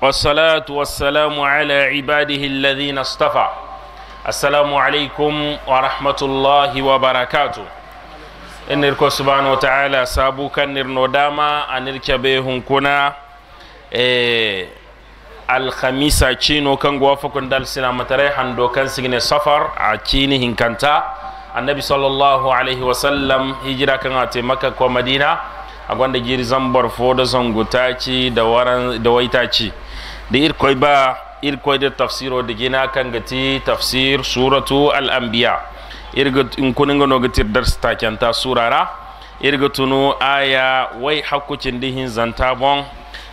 والصلاة والسلام على barakatu. الذين اصطفى السلام عليكم ورحمة الله وبركاته إن سبحانه وتعالى سابوكا نرنو داما أنرك بيهم كنا alhamisa cino kan gwa fakon dal silamatare hando kan sigine safar a cini hinkanta annabi sallallahu alaihi wasallam hijira kan a taimaka ko madina a gwanda giri zambar fo da da waita da irkoi ba irkoi da tafsiro da gina kan gati tafsir suratu al'ambiya in kunin gano gatir dar stakenta surara irga tunu aya wai hakkucin dihin zanta bon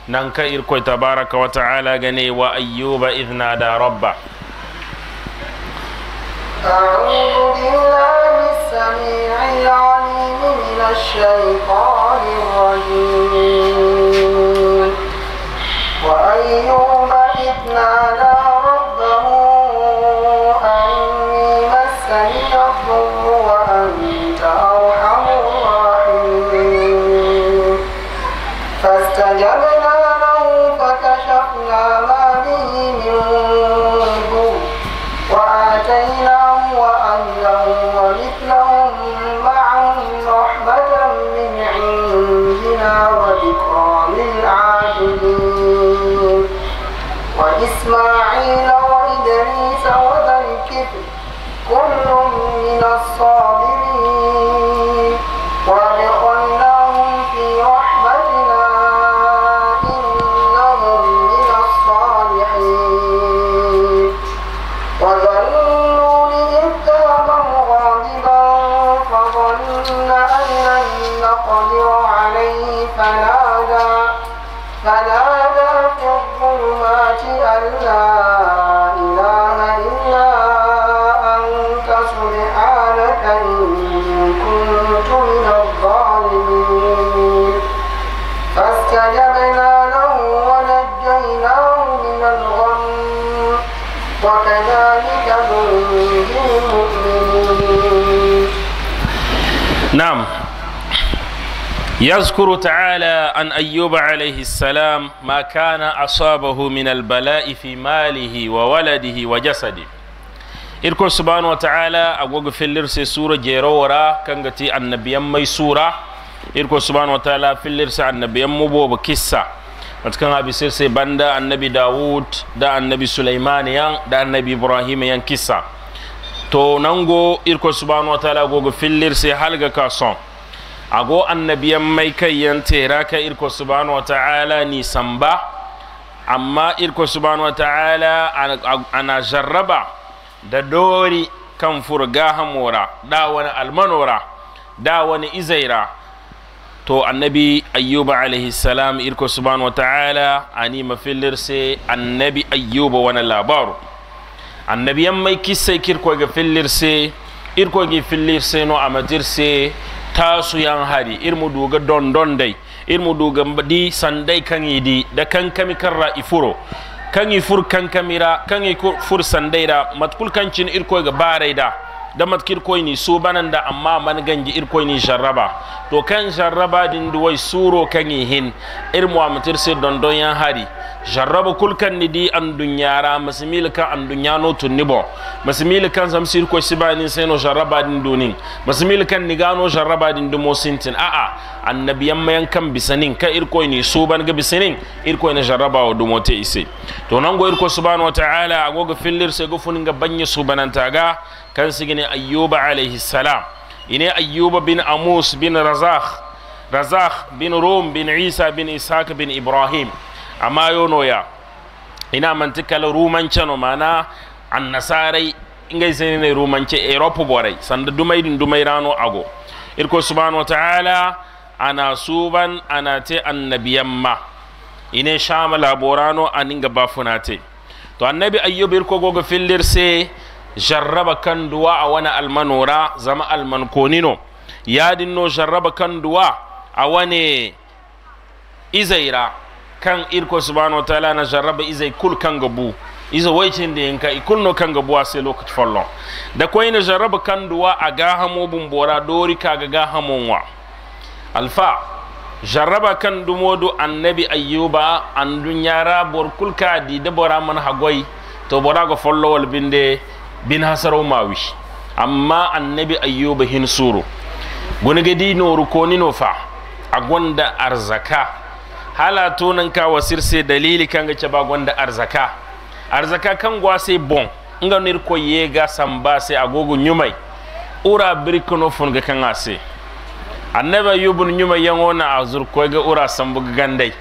nan ka irkoi tabaraka wa ta'ala gane wa ayyuba idna da rabba أعوذ بالله السميع العليم من الشيطان الرجيم la. نعم يذكر تعالى أن أيوب عليه السلام ما كان أصابه من البلاء في ماله وولده وجسده إلكو سبحانه وتعالى أقوغ في اللرس سورة جيرورا كانت النبي أمي سورة إلكو سبحانه وتعالى في اللرس النبي أمبو بكسة وتكن أبي سيرسي بندا النبي داود دا النبي سليمان يان دا النبي إبراهيم يان كسة to nango irko subhanahu wa ta'ala gogo fillir sai halga ka son ago annabiyan mai kai yan tera ka irko subhanahu wa ta'ala ni samba amma irko subhanahu wa ta'ala ana jarraba da dori kan furga hamora da wani almanora da wani izaira to annabi ayyuba alaihi salam irko subhanahu wa ta'ala ani mafillir sai annabi ayyuba wani labaru annabiyan mai kisse kirkoge fillirse irkoge fillirse no ta tasu yan hari irmu duga don don dai irmu duga di sandai kan yidi da kan kami karra ifuro kan yi fur kan kamira kan yi fur sandai da matkul irko ga barai da da matkir koy ni so banan da amma man ganji ir koy ni jarraba to kan jarraba din duwai suro kan yi hin ir muamatir don don yan hari jarrabo kulkan ni di an dunyara masimil kan an dunyano tunni bo masimil kan sir ko siba seno jarraba din donin masimil kan ni gano jarraba din dumo sintin a a annabiyan mayan kan bisanin ka irko ni suban ga bisanin irko ni jarraba wa dumo te ise to nan go irko subhanahu wa ta'ala agoga fillir sai go funin ga banye subananta ga kan sigine ayyuba alaihi salam ine ayyuba bin amus bin razakh razakh bin rum bin isa bin ishaq bin ibrahim amma yonoya ina manti kala no mana annasarai ingay ne rumance europe borai sanda dumayɗin rano ago irko subhanau taala ana suban anate annabiyamma ine shama laborano aninga bafunate to annabi ayyub irko gogo fillirse jarraba kan duwa a wani almanora zama almankonino yadinno jarraba kan duwa a wani izaira kan irko subhanahu wa ta'ala na jarraba izai kul kan gabu iza waicin da yanka ikul no gabu, buwa sai lokaci fallon da kwai na jarraba kan duwa a gahamo bumbora dori ka ga gahamon wa alfa jarraba kan dumodu annabi ayyuba an yara bor kulka di da bora man hagwai to bora ga fallo wal binde bin hasaro mawi amma annabi ayyuba hin suru guni noru ko ni nofa a gwanda arzaka hala tonanka wasir sirse dalili kan ce bagon gonda arzaka arzaka kan sai bon inga nir ko yega samba sai agogo nyumai ura fun ga kanga ase annaba yubun nyumai yangona azur ga ura sambu gandai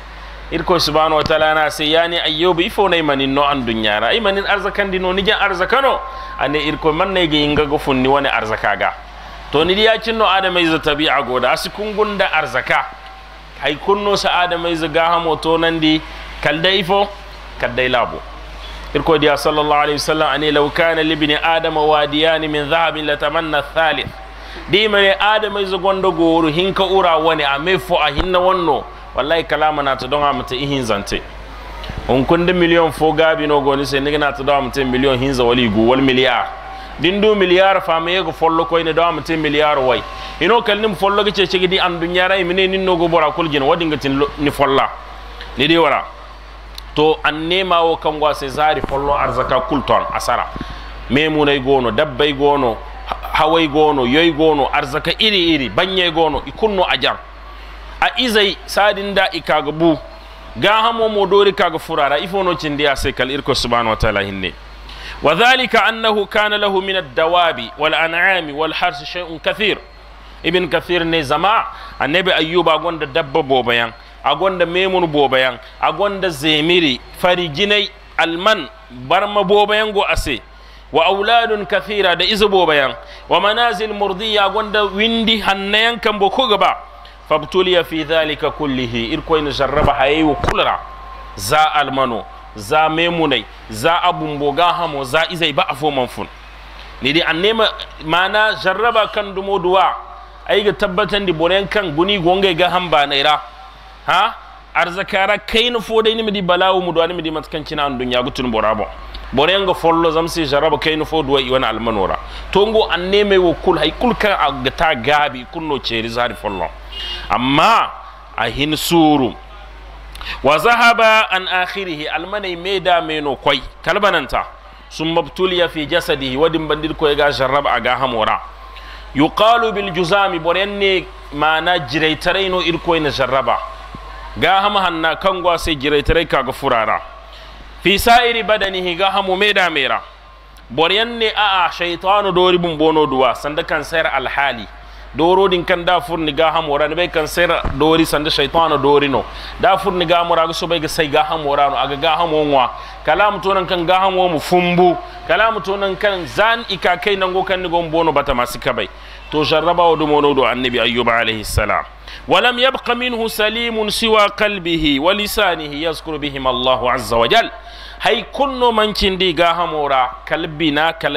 irko subhanahu wataala na sai yani ayyubu ifo nay manin no an dunyara ay manin arzakan dino ni arzakano ane irko man nay ga inga go funni wani arzaka ga to ni ya cinno adamai izo tabi'a goda asikun da arzaka hay kunno sa adamay zaga hamo to nandi kaldai fo kaldai labo irko diya sallallahu alaihi wasallam ani law kana li ibn adama wadiyan min dhahabin latamanna thalith di mane adamay zagondo goru hinka ura wani ame fo a hinna wonno wallahi kalama na ta donga amata ihin zante on kunde million fo gabi no goni se nigna ta donga amata million hinza wali gu wal miliyar dindu miliyar fama yego follo ko ne dawam te miliyar way ino kalnim follo ke cece gidi an nyaray mine nin no go bora kulgin wadi ngatin ni folla ni di wara to an nema wa kan gwa se zari follo arzaka kulton asara memunai gono dabbai gono hawai gono yoy gono arzaka iri iri banye gono ikunno ajar a izai sadin da ika ga hamo modori kaga furara ifono cindiya sai kal irko subhanahu wa ta'ala hinne wa dhalika annahu kana lahu min dawabi wal an'ami wal harsi shay'un kafir. ibn kathir ne zama annabi ayyuba gonda dabba bobayan a gonda memun bobayan a gonda zemiri fariginai alman barma bobayan go ase wa auladun kathira da izu bobayan wa manazil murdiya gwanda windi hannayan kan boko gaba fabtuliya fi dhalika kullihi irkoy jarraba hayi kulra za almano za memunai za abun boga hamo za izai ba afo manfun ne dai an nema mana jarraba kan dumo duwa ai ga tabbatan di boren kan guni gongai ga hamba naira ha arzakara kai na fodai ni midi balawu mu duwa ni matkan kina an dunya gutun borabo boren ga follo zamsi jarraba kai na duwa i wani almanora tongo an nema wo kul hay kul ga ta gabi kunno ceri zari follo amma a hin suru wa zahaba an akhirihi almanai me da meno kwai kalbananta sun mabtuliya fi jasadihi wadin bandir ko ga jarrab aga hamora yuqalu bil juzami borenne mana jireitare no irko na jarraba ga hama hanna kangwa sai jiraitarai kaga furara fi sa'iri badanihi ga hamu me da mera borenne a a shaytanu dori bono duwa sanda kan sayar alhali doro din kan da furni ga hamora ne bai kan sayar dori sanda shaitana dori no da furni ga mura ga so bai ga sai ga hamora no aga ga hamonwa kalamu tonan kan ga hamo mu fumbu kalamu tonan kan zan ika kai nan go kan ni gon bono bata masu kabai to jarraba wa dumo do annabi ayyuba alaihi salam ولم يبق منه سليم سوى قلبه ولسانه يذكر بهم الله عز وجل هاي كل من كندي قلبنا كل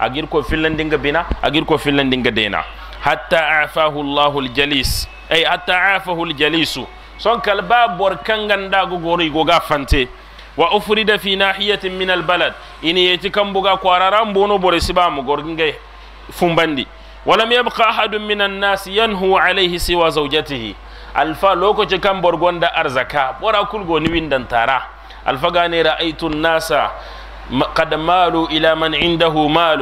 agir ko fillan dinga bina agir ko fillan dinga dena hatta afahu allahul jalis ay hatta afahu al jalisu son kalba bor kanganda go gori go gafante wa ufrida fi nahiyatin min al balad ini yati kan buga kwararan bono bore sibam mu gorginga fumbandi ولم يبقى أحد من الناس ينهو عليه سوى زوجته alfa lokaci kan borgon da arzaka bora kulgo ni windan tara alfa gane an nasa قد مالوا إلى من عنده مال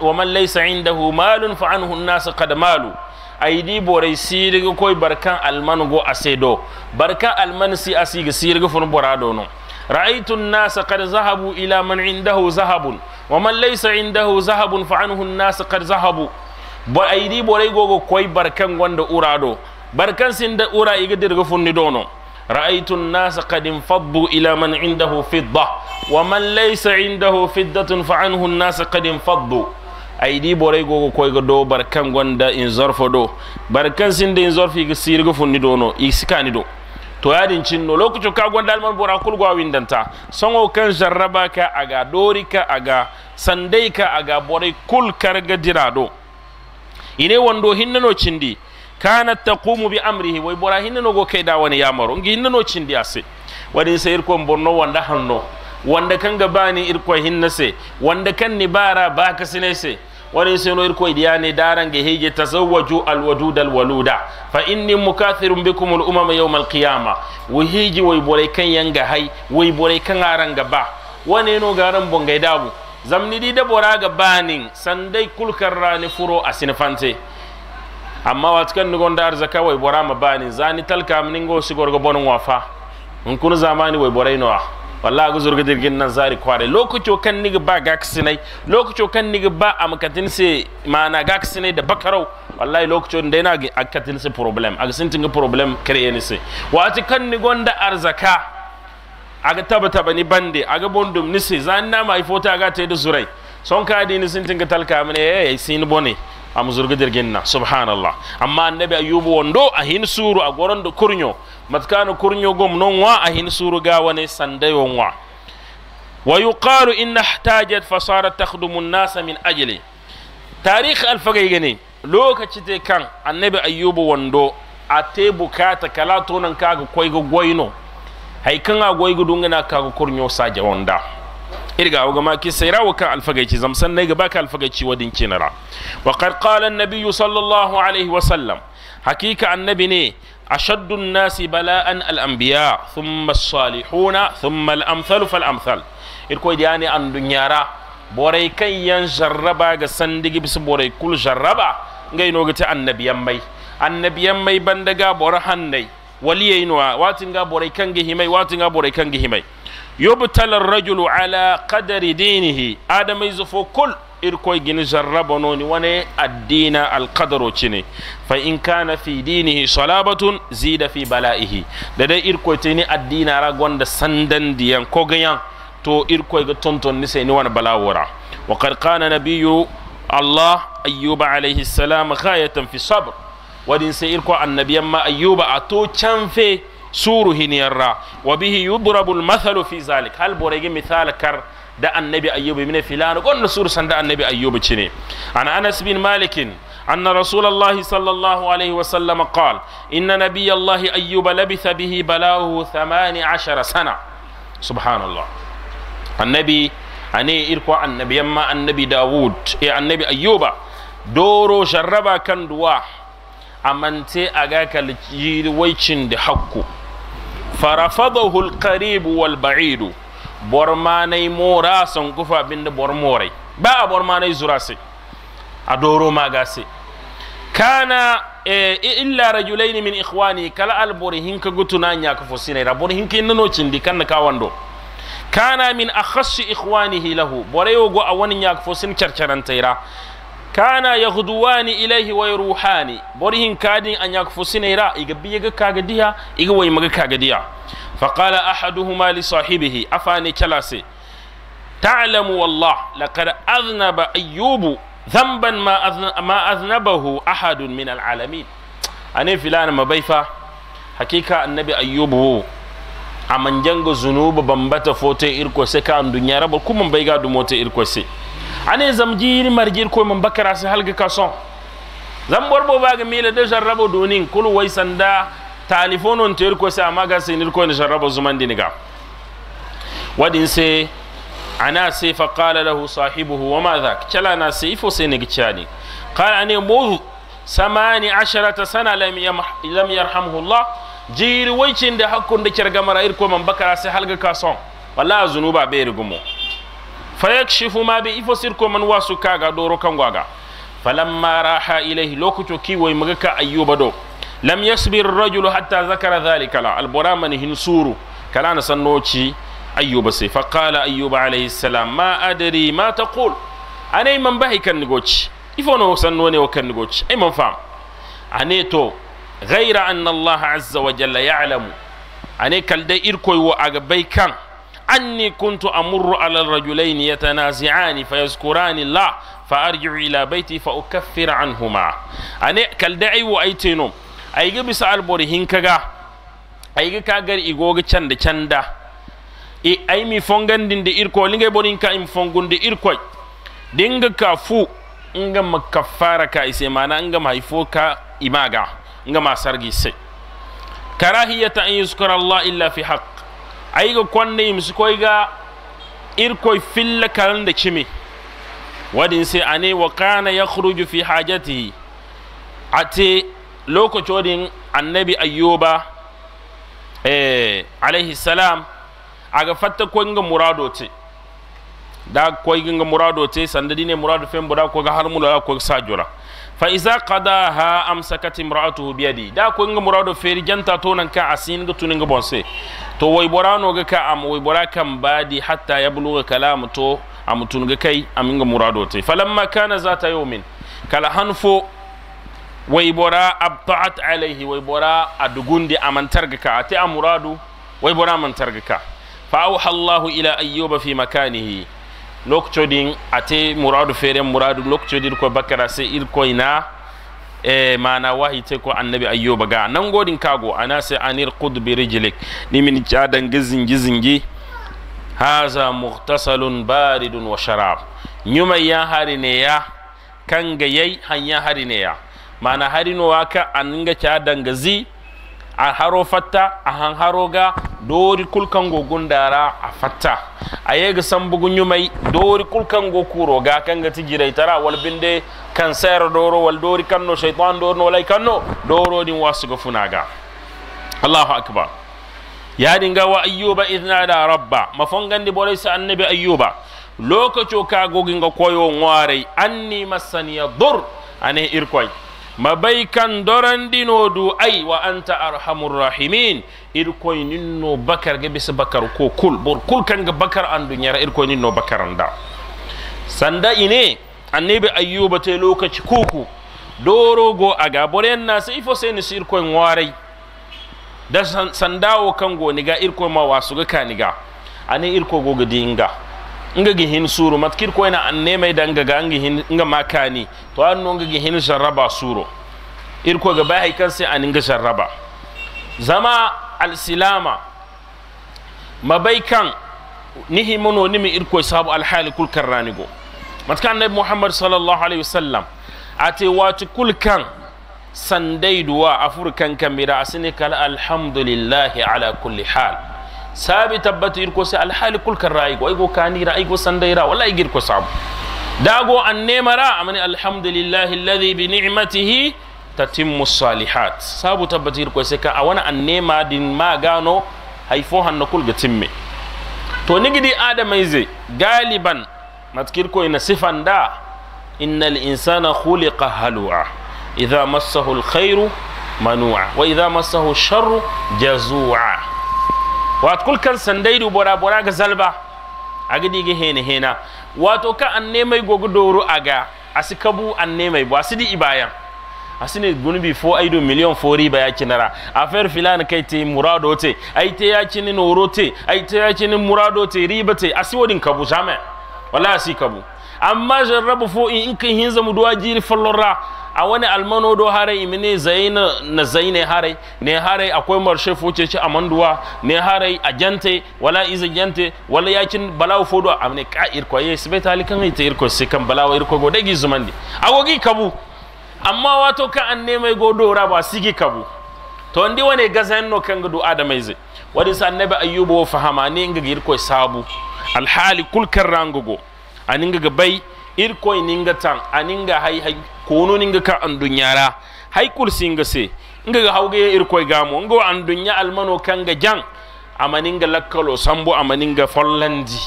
ومن ليس عنده مال فعنه الناس قد مالوا ayidi boray siriga koy barkan alman go asedo barkan alman si asiga siriga fun borado no رأيت الناس قد ذهبوا إلى من عنده ذهب ومن ليس عنده ذهب فعنه الناس قد ذهبوا بأيدي بوري غو كوي بركان غوند أورادو بركان سند أورا إيغدير غفون ندونو رأيت الناس قد انفضوا إلى من عنده فضة wa man laysa indahu fiddatun fa anhu an-nas qad infaddu aydi boray gogo koyga do barkan gonda in zorfo do barkan sinde in zorfi ga sirga funni do no isikani do to yadin cinno lokacin ka gonda alman bora kul gwa windanta sango kan jarraba ka aga dorika aga sandeika ka aga boray kul karga dirado ine wando hinnano cindi kanat taqumu bi amrihi way bora hinnano go kayda wani yamaro ngi no cindi ase wadin sayir ko bonno wanda hanno wanda kan gaba ni irko hinna se wanda kan ni bara ba ka sine se wani sino irko idiya ne daran ga hege tazawwaju alwadud alwaluda fa inni mukathirun bikum al-umama yawm al-qiyama wa hiji wai kan yanga hai wai kan aran gaba wani no garan bongai dabu zamni di da bora ga banin sandai kulkar rani furo a sinfante amma tukan nugon da arzaka wai bora ma banin zani talka mningo sigorgo bonon wafa in kun zamani wai borai noa wallahi ga zurga dirgin nan zari kware lokaci kan niga ba ga gaksinai lokaci kan niga ba makatin se mana gaksinai da bakarau wallahi lokacin da yana akatin se problem aga sintin ga problem kare ne se wati kan ni gonda arzaka aga taba taba ni bande aga bondum ni se zan na mai fota ga ta da zurai son ka ni sintin ga talka mun eh, eh sin bone A muzurgi jirgin nan subhanallah amma annabi ayyubu wando a hin suru a da kurnyo matkanu kurnyo gom non wa a hin suru ga wani sandayon wa wa yuqalu inna ihtajat fasarat takhdumu an-nas min ajli tarikh al-fagay gane lokaci te kan annabi ayyubu wando a te bukata kala tonan kaga koygo goyno hay kan a goygo dungana kaga kurnyo saje wanda. إرجع وجماعة كسيرة وكا الفجيتي زمسن نيجا باك الفجيتي ودين كنرا وقد قال النبي صلى الله عليه وسلم حقيقة النبي ني أشد الناس بلاء الأنبياء ثم الصالحون ثم الأمثل فالأمثل إركو يعني أن الدنيا را بوري كي ينجربا جسندي بس بوري كل جربا ngay no gata annabiyan mai annabiyan mai bandaga bore hannai waliyai no watin ga bore kan gihimai watin ga bore kan yubtala rajulu ala qadari dinihi adamai zufo kul irkoi gini jarrabanoni wane addina alkadaro cine fa in kana fi dinihi salabatun zida fi bala'ihi da dai irkoi tini addina ra gonda sandan diyan ko to irkoi tonton ni sai ni wani balawura wa qad qana nabiyyu allah ayyuba alayhi salam ghayatan fi sabr wadin sai irko annabiyan ma ayyuba a to suru hiniyarra wa bihi yudrabu almathalu fi zalik hal borege misal kar da annabi ayyuba min filan gon suru sanda النبي ايوب تشني an anas bin malikin أن رسول الله صلى الله عليه وسلم قال إن نبي الله أيوب لبث به بلاه ثمان عشر سنة سبحان الله النبي أني إركوا النبي أما النبي داود إيه النبي أيوب دورو شربا كان دوا أمانتي أغاك لجيد ويشن دي farafadahu alqaribu wal ba'idu bormanai mora son kufa binda bormorai ba a bormanai zurase a doro magase kana eh, illa rajulaini min ikhwani kala al borihin ka nya ka fosine ra borihin kin kan ka wando kana min akhashi ikhwanihi lahu boreyo go awani nya ka fosin charcharan taira kana yaghduwani ilayhi wa ruhani, borihin kadin an yakfusinira iga biyaga kaga diya iga way maga kaga diya fa qala ahaduhuma li sahibihi afani kalase ta'lamu wallah laqad adhnaba ayyubu dhanban ma adhna ma adhnabahu ahadun min alalamin ane filana mabaifa hakika annabi ayyubu amanjanga zunuba bambata fote irko se ka dunyara ba kuma bai ga dumote irko se ane zamjiri marjir ko mun bakara sai halga kason zan borbo baga mila da jarrabo donin kul wai sanda talifonon ter ko sai amaga sai nir ko ni jarrabo zuman diniga wadin sai ana sai fa qala lahu sahibuhu wa ma dhak chala na sai fo sai ne gicani qala ane mu samani asharata sana lam lam yarhamhu Allah jiri waicin da hakkun da kirgamara ir ko man bakara sai halga kason wallahi zunuba bai rigumo fayakshifu ma be ifo sirko man wasu kaga doro kan gwaga falamma raha ilayhi lokuto kiwo ayyuba do lam yasbir rajulu hatta zakara dhalika la hinsuru kala na sannoci ayyuba sai fa qala ayyuba alayhi salam ma adri ma taqul anai man bahi kan nigoci ifo no kan nigoci man fam allah azza ya'lamu ane kalda irkoy kan anni kuntu amurru ala rajulaini yatanazi'ani fayazkurani la fa arji'u ila baiti fa ukaffiru anhuma ane kalda ai wo aiteno ai ga bisa albori hinkaga ai ga kagar igoga canda canda e ai mi fongandin de irko lingai bonin ka im fongunde irko dinga ka fu nga makaffara ka ise mana nga mahaifo ka imaga nga masargi sai karahiyata an Allah illa fi aiga kwanne ga irkoi fila kalan da cimi wadin a ne wa kana kuruju fi a ate lokaci wadin annabi ayyuba eh alaihi salam fata koi ga murado ce da ga murado ce sandadi ne murado fen buda koyga har ko sa jura fa iza qadaha amsakat imra'atuhu biyadi da ga murado feri janta tonan ka asin ga tunin ga bonse to bora no ga ka am bora kan badi hatta ya buluga kalam to am tun ga kai am ga murado te falamma kana zata yawmin kala hanfo bora abta'at alaihi bora adugundi amantar ga ka murado wai bora amantar ga ka fa auha Allah ila ayyuba fi makanihi lokcodin ate muradu fere muradu lokcodin ko bakara sai irko ina e eh, mana wahi te ko annabi ayyuba ga nan godin kago ana sai anir qud bi rijlik ni min cadan gizin gizingi haza muhtasalun baridun wa sharab nyuma ya hari ne ya kan ga hanyar hanya hari ne ya mana hari no waka an ga cadan gazi a haro fatta a han haro ga dori kulkan gogun dara a fatta a ga san bugun yumai dori kulkan go kuro ga kan ga tigirai tara wal binde kan sayar doro wal dori kanno shaytan doro walai kanno doro din wasu ga funaga Allahu akbar ya dinga wa ayyuba idna da rabba mafongan di bolai sa annabi ayyuba lokaco ka gogin ga koyo ngware anni masaniya dur ane irkoi mabaikan doran dino du ai wa anta arhamur rahimin irkoy ninno bakar ga bisa bakar ko kul bor kul kan ga bakar an dunyara irkoy ninno bakar anda sanda ine annabi ayyuba te lokaci kuku doro go aga boren na sai fo sai ni irkoy warai da sandawo kan go niga irkoy ma wasu ga kaniga ani irko go ga dinga nga gi hin suru matkir ko ina an nemai dan ga gangi hin nga makani to an no nga gi hin sharaba suru ir ko ga ba hay kan sai an nga sharaba zama al silama mabai kan nihi mono nimi ir ko sabu al hal kul karranigo matkan nabi muhammad sallallahu alaihi wasallam ate wati kul kan sandai duwa afurkan kamira asini kal alhamdulillah ala kulli hal sabi tabbata irko sai alhali kulkan ra'ayi ko ay kani ra'ayi ko sandai sandaira wala ay ko sabu dago an nemara amani alhamdulillahi alladhi bi ni'matihi tatimmu salihat sabu tabbata irko sai ka awana an nema din ma gano haifo hanno kul ga timme to nigidi adamai zai galiban matkir ko ina sifan da innal insana khuliqa halu'a idza massahu alkhairu manu'a wa idza massahu sharru jazu'a wato kulkan du bora bora ga zalba gidi ga hena hena wato ka anne mai gogu doro aga asikabu anne mai a asidi ibayan asine gunbi fo aido miliyon fo riba ya kinara fila na kai te murado te ai te ya kini noro te ai te ya kini murado te riba te wadin kabu jame wala asi kabu amma jarrabu fo in kin hinza muduwa jiri fallorra wani almano do hare imine zaina na zaine hare ne hare akwai marshe fuce ci manduwa ne hare jante wala iza jante wala yakin balawo fodo amne ka irko ye sibe talikan ita irko kan balawo irko gi zuman ne agogi kabu amma wato ka an ne mai go dora ba sigi kabu to ndi wane gazan no kan gudu adamai zai wadi sa annabi ayyubu wa fahama ne inga irko sabu alhali kulkan rangugo aninga bai irko ninga tan aninga hai hai kono nga ka andun yara hay kulsi nga se nga ga hawge ir koy gamo nga andun ya almano kanga jang nga lakkalo sambo nga follandi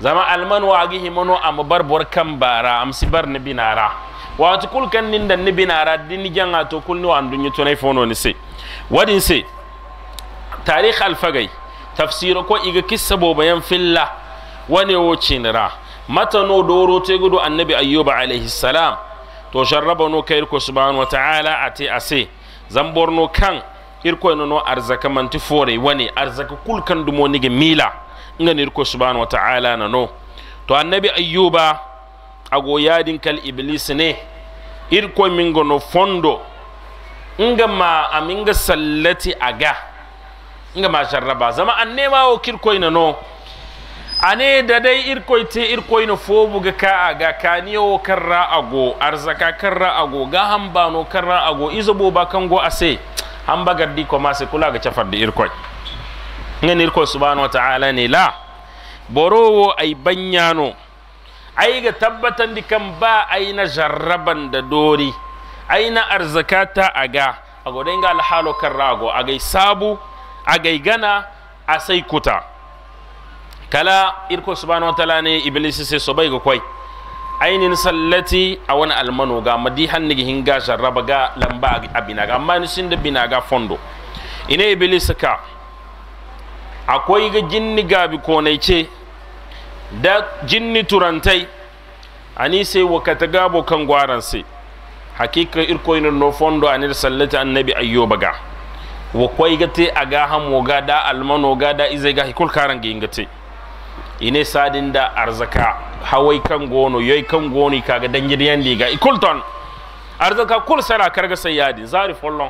zama alman agi himono am bar bor kam bara am nabi nara binara watu kul kan ninda ne binara dini janga to kul no andun yuto nay fono ni se wadin se tarikh fagay tafsir ko iga kissa bobayan filla wane wo cinira mata no doro te gudu annabi ayyuba alayhi salam to jarraba no ka irko subhanahu wa ta'ala ate ase zamborno kan irko no arzaka manti fore wani arzaka kul kan dumo nige mila ngan irko subhanahu wa ta'ala na no to annabi ayyuba ago yadin kal iblis ne irko mingo no fondo nga ma aminga sallati aga nga ma jarraba zama annema o kirko ina no ane da dai irkoy te irkoy no fo buga ka ga kaniyo karra ago arzaka karra ago ga hambano karra ago izobo ba kango ase hamba gardi ko mase kula ga cafar da irkoy ngan irkoy subhanahu wataala ne la borowo ay banyano ai ga tabbatan di kan ba ai na jarraban da dori ai na arzakata aga a dai ga alhalo kan ago a gai sabu a gana a kuta kala irko subhanahu wa ta'ala ne iblis sai so bai ga kwai ainin sallati a wani almano ga madihan ni hinga jarraba ga lamba abina ga amma sin da bina ga fondo ina iblis ka akwai ga jinni gabi konai ce da jinni turantai ani sai wakata gabo kan gwaran sai hakika irko ina no fondo anir sallati annabi ayyuba ga wa ga te aga hamo ga da almano ga da izai ga hikul karan ga ingate ine sadin da arzaka hawai kan gono yoy kan goni kaga riga ga ikulton arzaka kul sara karga sayyadin zari follon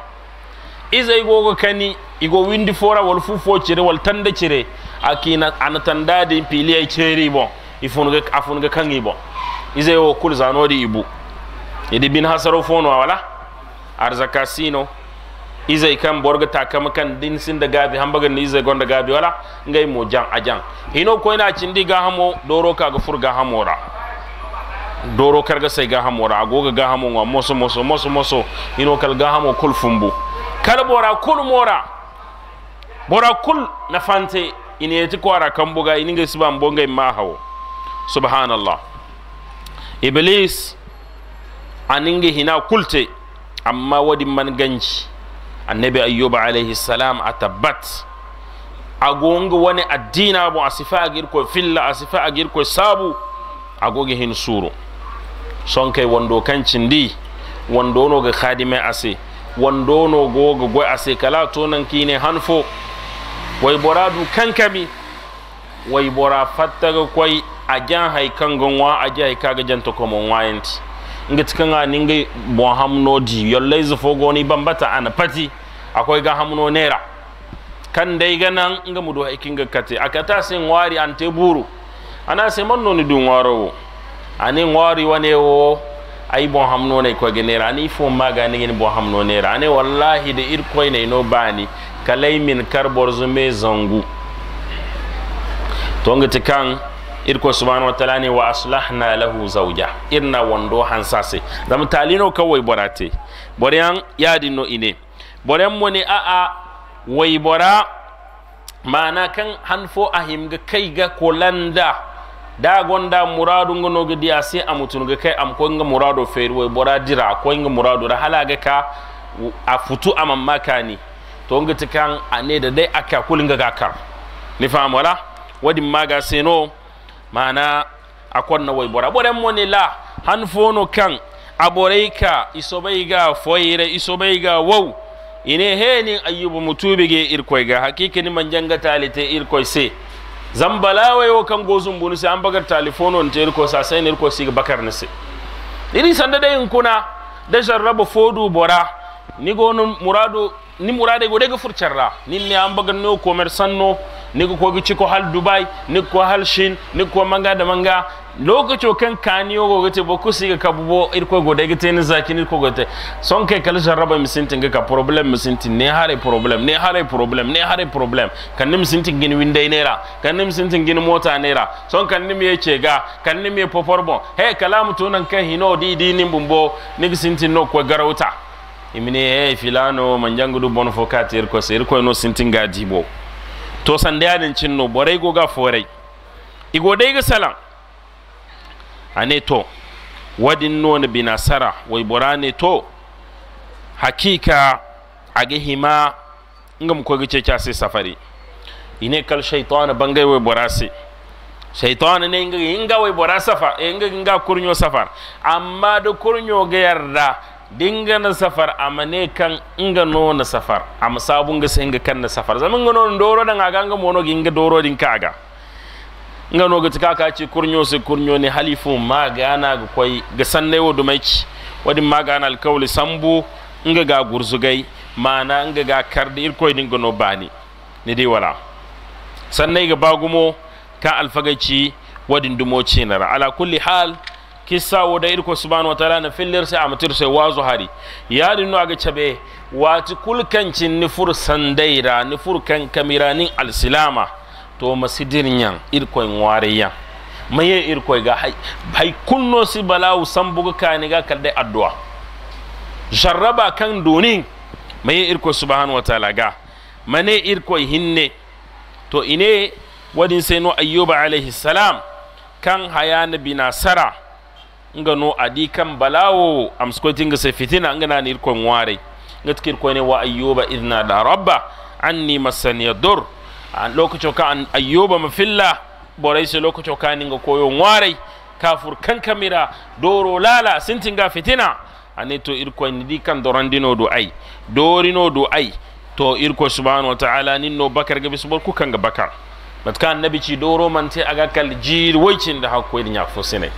iza go kani igo windi fora wal fufo cire wal tanda cire akina anatanda di pili ay ifun ga ifunga afunga kan ibo iza yo kul zanodi ibu idi bin hasaro fono wala arzaka sino izai kan borga takama kan din sin da gabi hambaga ni izai gonda gabi wala ngai mo jang ajang hino ko ina cindi ga hamo doro ka ga furga hamora doro karga sai ga hamora agoga ga hamo wa moso moso moso moso hino kal ga hamo kul fumbu kal bora kul mora bora kul na fante ina yati kwara kan buga ini ga siban bonga ma hawo subhanallah iblis aninge hina kulte amma wadi man ganci annabi ayyuba alaihi salam a tabbat gonga wani addina sifa a girko filla a a girko sabu agoge hin suru son kai wando kan cindi wando no ga khadime ase wando no goga ga ase kala tonan kine hanfo wai boradu kankami wai bora fatta ga koi a jan kan gonwa a jan haika ga janta komon wayanti ngi tikanga ningi bo hamno di yollai zafo goni bambata ana pati akwai ga hamno naira kan dai ganan nga mudu haikin ga kate sai sin wari te buru ana sai manno ni dun waro ani wari wane wo ai bon hamno ne ko ni ani fo maga gini bon hamno a ani wallahi da na ne no bani kalai min karbor zume zangu to ngati kan irko subhanahu wa ta'ala ne wa aslahna lahu zawja irna wando hansase dam talino kawai borate boryan yadin no ine boren mu ne a'a wai bora mana kan hanfo a himga kai ga kolanda da gonda muradu ngono ga diya sai a mutum ga kai am ko nga murado fair wai bora dira ko nga murado da halaga ka a futu a mamaka ne to nga tikan a ne da dai aka kulin ga kakar ni fam wala wadin maga seno mana akon na wai bora boren mu ne la hanfo no kan aborai ka isobai ga foire isobai ga wau ine henin ayyubu mutubige irkoy ga ni hakikani manjanga talite irkoy se zambalawe wo kan gozun bunu se an bagar telefono on ter ko sa sai ne si bakar ne se iri sanda dai in kuna da jarrabu fodu bora ni gonum muradu ni murade go daga furcarra ni ne an bagar no commerce no ni ko gi ko hal dubai ni ko hal shin ni ko manga da manga lokaci kan kaniyo gogete bo kusiga kabubo irko goda giteni zakin irko gote son kai kal jarraba misintin ga ka problem misintin ne hare problem ne hare problem ne hare problem kan nim sintin gin windai ra. kan nim sintin gin mota ra. son kan nim ye cega kan nim ye poporbo he kalamu tunan kan hino di di nim bumbo ni sintin no ko garauta imine he filano manjangudu bonfokati, fokati irko se irko no sintin ga dibo to sande adin cinno borai goga forai dai ga salam ane to wadin nona binasara wai ne to hakika ga hima inga mu kogice kya sai safari ine kal shaytan bangai wai sai shaytan ne inga inga wai bura safa inga inga kurnyo safar amma da kurnyo ga yarda dinga na safar ne kan inga no na safar am sabun ga sai inga kan na safar zaman ga no ndoro dan aga nga mono ga inga doro din kaga ngano ga tika ka ci kurnyo se kurnyo ne halifu magana ga koi ga sanne wo maici wadin magana alkawli sambu nga ga gurzugai mana nga ga kardi irkoi din gano bani ne dai wala sanne ga bagumo ka alfagaci wadin dumoci nara ala kulli hal kisa woda irko subhanahu wa ta'ala na fillir sai amtir sai wazu hari ya dinu aga chabe wati kulkancin nifur sandaira nifur kan kamiranin alsilama to masidir yan irkoi ware yan maye irkoi ga hay kunno si balawu sambuga kani ga kalde addu'a jarraba kan doni maye irkoi subhanahu ta'ala ga mane irkoi hinne to ine wadin sai no ayyuba alayhi salam kan haya nabi binasara nga no adi kan balawo skoti nga sai fitina nga na irkoi ngware nga tikirkoi ne wa ayyuba idna da rabba anni masani yadur an lokaco ka an ayyoba ma filla boray so ka ninga koyon warai kafur kankamira doro lala sintinga fitina ane to irko ni di kan dino do dori no do ai to irko subhanahu wa ta'ala ninno bakar ga ga ku ga bakar matka annabi ci doro mante aga kal jir waycin da hakko ni nyafo sene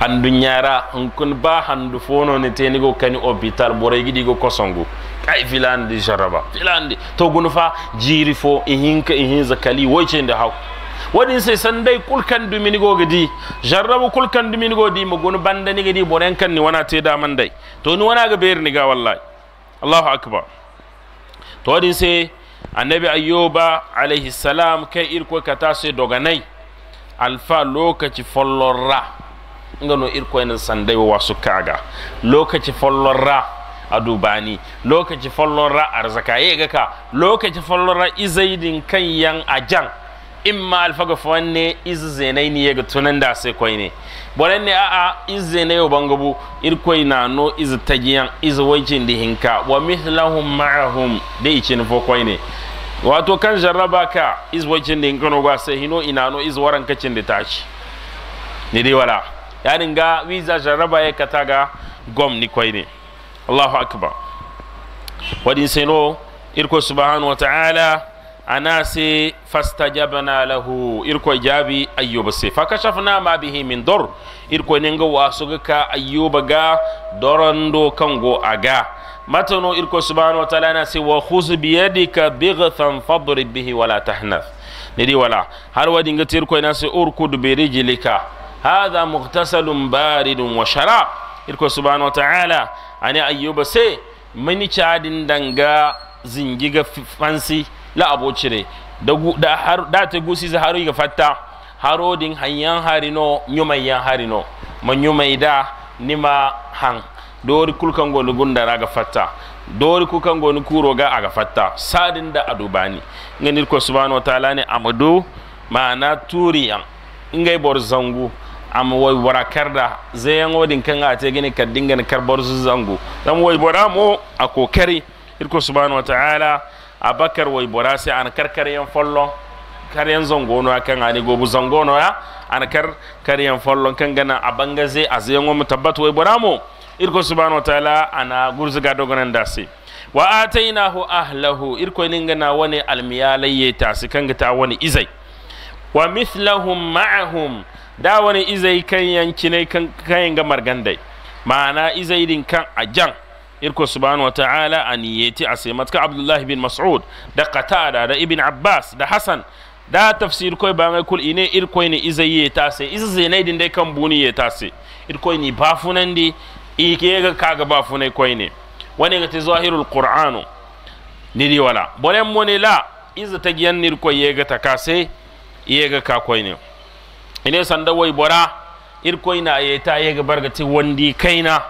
andu nyara kun ba handu fono ne go kani hospital borai gidi go kosongo kai di sharaba di to gunu fa jiri fo ihinka ihinza kali woyce nde haw sai san dai kulkan duminigoge di jarrabu kulkan duminigo di gunu banda ni gidi, boren kan ni da tedaman dai. to ni ni ga wallahi allahu akbar to wani sai annabi ayyuba alaihi salam kai ka ta sai doganai alfa lokaci follorra ngano irkoynen san dai wasu kaga lokaci follorra dubani lokaci fallon ra arzaka ya eh ga ka lokaci fallon ra izaidin kan yan ajan in ma alfaga izu zenai ne ga tunan da sai kwai ne bwanan ne a'a zenai wa bangabu irkwai na no ta tagiyan izu wajin da hinka wa mihlahum ma'ahum da icin fo kwai ne wato kan jarraba ka izu wajin da hinka no ga sai hino ina no izu waran kacin da tashi ne dai wala yarin ga visa jarraba ya kata ga gom ni koi ne allahu akbar waɗin seno irko subhanahu wa taala ana se fastajabna lahu irko jaabi ayyuba se fa kashafna ma bihi min dor irko nenga wasuga ka ayyuba ga dorondo kango aga matano irko subhanahu wa taala ana se wa khuz biyadika bighthan fadrib bihi wala tahnath nidi wala har wadi ngati irko ina se urkud bi rijlika hadha mughtasalun baridun wa sharab irko subhanahu wa taala ani ayyuba sai mini cadin danga zingiga fansi la abocire da har da ta gusi za haru ga fatta haro din hanyan harino nyumai yan harino ma nyumai da nima han dori kulkan gonu gundara ga fatta dori kulkan gonu kuro ga aga fatta sadin da adubani ngani ko subhanahu wa ta'ala ne amadu ma'ana turiyan ngai bor zangu am wai wara karda yan wadin kan a te gini kan kar karbar su zango dan wai bora mo a kokari irko subhanahu ta'ala abakar wai bora sai an karkar yan follo kar yan no ya kan ani gobu no ya an kar kar yan follo kan gana a banga zai a zayan mu tabbata wai bora mo irko subhanahu ta'ala ana gurzuga dogonan dasi wa atainahu ahlahu irko ningana wani almiyalai ya su kan ta wani izai wa mithlahum ma'ahum da wani izai kan yankinai kan kayan ga margandai ma'ana izai din kan ajan irko subhanahu wa ta'ala a niyyati a sai matka abdullahi bin mas'ud da qatada da ibn abbas da hasan da tafsir koy ba mai kul ine irko ne izai ya ta sai izai zinai din dai kan buni ya ta sai irko ba funan di ike ga kaga ba funai kai ne wani ga zahirul qur'anu ni di wala bolen mo ne la ta giyan nirko ya ga takase ya ga ka kai ne ine sanda wai bora irkoi na ye ta ye barga ti wandi kaina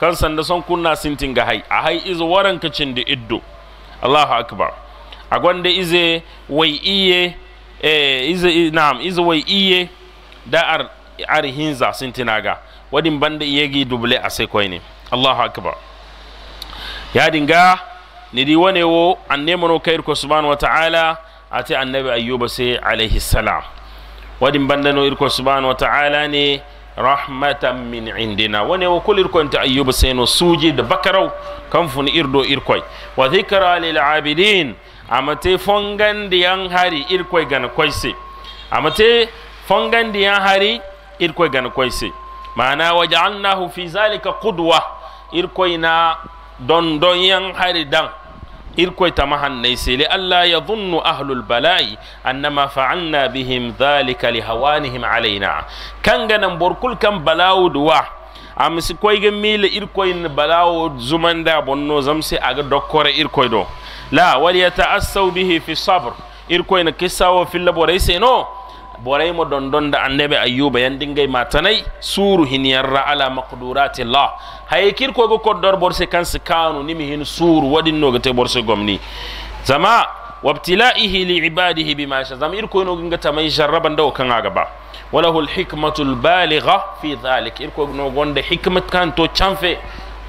kan sanda son kunna sintin ga hai a hai izo waran ka da iddo Allahu akbar a gwanda ize wai iye eh ize na'am ize wai iye da ar ar hinza ga wadin banda iye gi duble a sai koi ne Allahu akbar ya dinga ni di wane wo annemo no kairu ko subhanahu wa ta'ala ati annabi ayyuba sai alaihi salam waɗin bandano irko subhanahu wa ta'ala ne rahmatan min indina wani wa kul irko ta ayyuba suji da bakarau kan funi irdo irkoi wa dhikra lil abidin amate fongan diyan hari irkoi gana koise amate fongan diyan hari irkoi gana koise ma'ana waja'alnahu fi zalika qudwa irkoi na don don yan hari dan sai tamahan allah alla zunnu ahlul bala'i annama fa'alna bihim dhalika lihawanihim alaina kanganan borkul kan balawu wa amsi koyge mile irkoy balawu zumanda bonno zamse aga dokkore irkoi do la wal yata'assaw bihi fi sabr irkoy na kisawo filla boray seno borai mo dondonda donda annabi ayyuba yandingay matanay suru hiniyarra ala maqduratillah haye kirkoygo koddor borse kansi kanu nimi hin suuru waɗinnoga te borse gomni zama wabtilaihi liibadihi bima sha zama irkoynoginga tamai jarraban dawo kangaga ba walahu lhikmatu lbaliga fi dhalik irkoyno gonde hikmat kan to canfe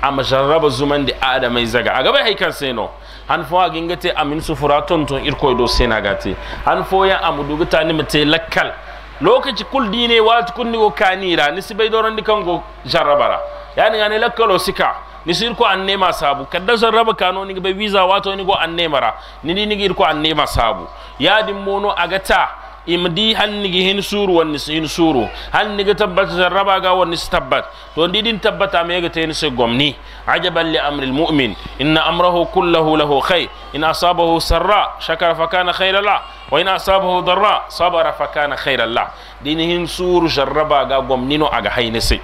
ama jarraba zumande adamay zaga agaba hay kan seno han fo te amin sufura tonton irkoy do senagate han foya amudugata mate lakkal lokaci kul dine kunni go kanira nisibai dorandi kango jarrabara yani ngani la kalo sika ni sir ko anne ma sabu kadda sarraba kano ni be visa wato ni go anne mara ni ni ni ko anne ma sabu yadi mono agata imdi gi hin suru ni sin suru hannigi tabbat zarraba ga ni tabbat to didin tabbata me ga tayin se gomni ajaban li amril mu'min inna amrahu kullahu lahu khair in asabahu sarra shakara fa kana khayra la wa in asabahu darra sabara fa kana khayra la dinihin suru jarraba ga gomni no aga hayne se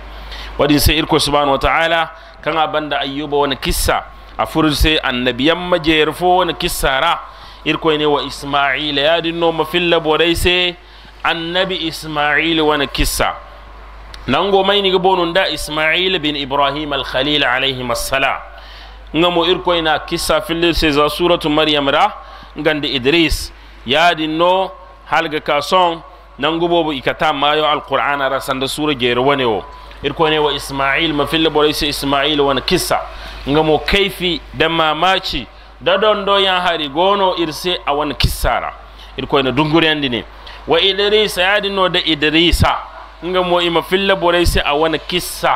wadin sai irko subhanahu wataala kan abanda ayyuba wani kissa a furu sai annabiyan majeyar fo wani kissara irko ne wa isma'ila ya dinno mafilla borai sai annabi isma'ila wani kissa nan gomai ni gabonun da isma'ila bin ibrahim al-khalil alaihi masala nga mo irko ina kissa fillir sai za suratu maryam ra ganda idris ya dinno halga kason nan gubo ikata mayo al-qur'ana ra sanda sura jere wane wo Irko ne wa ismail mafilla sai ismail wan kissa ngamo kaifi da mamaci da don do yan hari gono irse a wan kissara irkone dunguriyandi ne wa ya yadino da idrisa ngamo ima filla sai a kisa,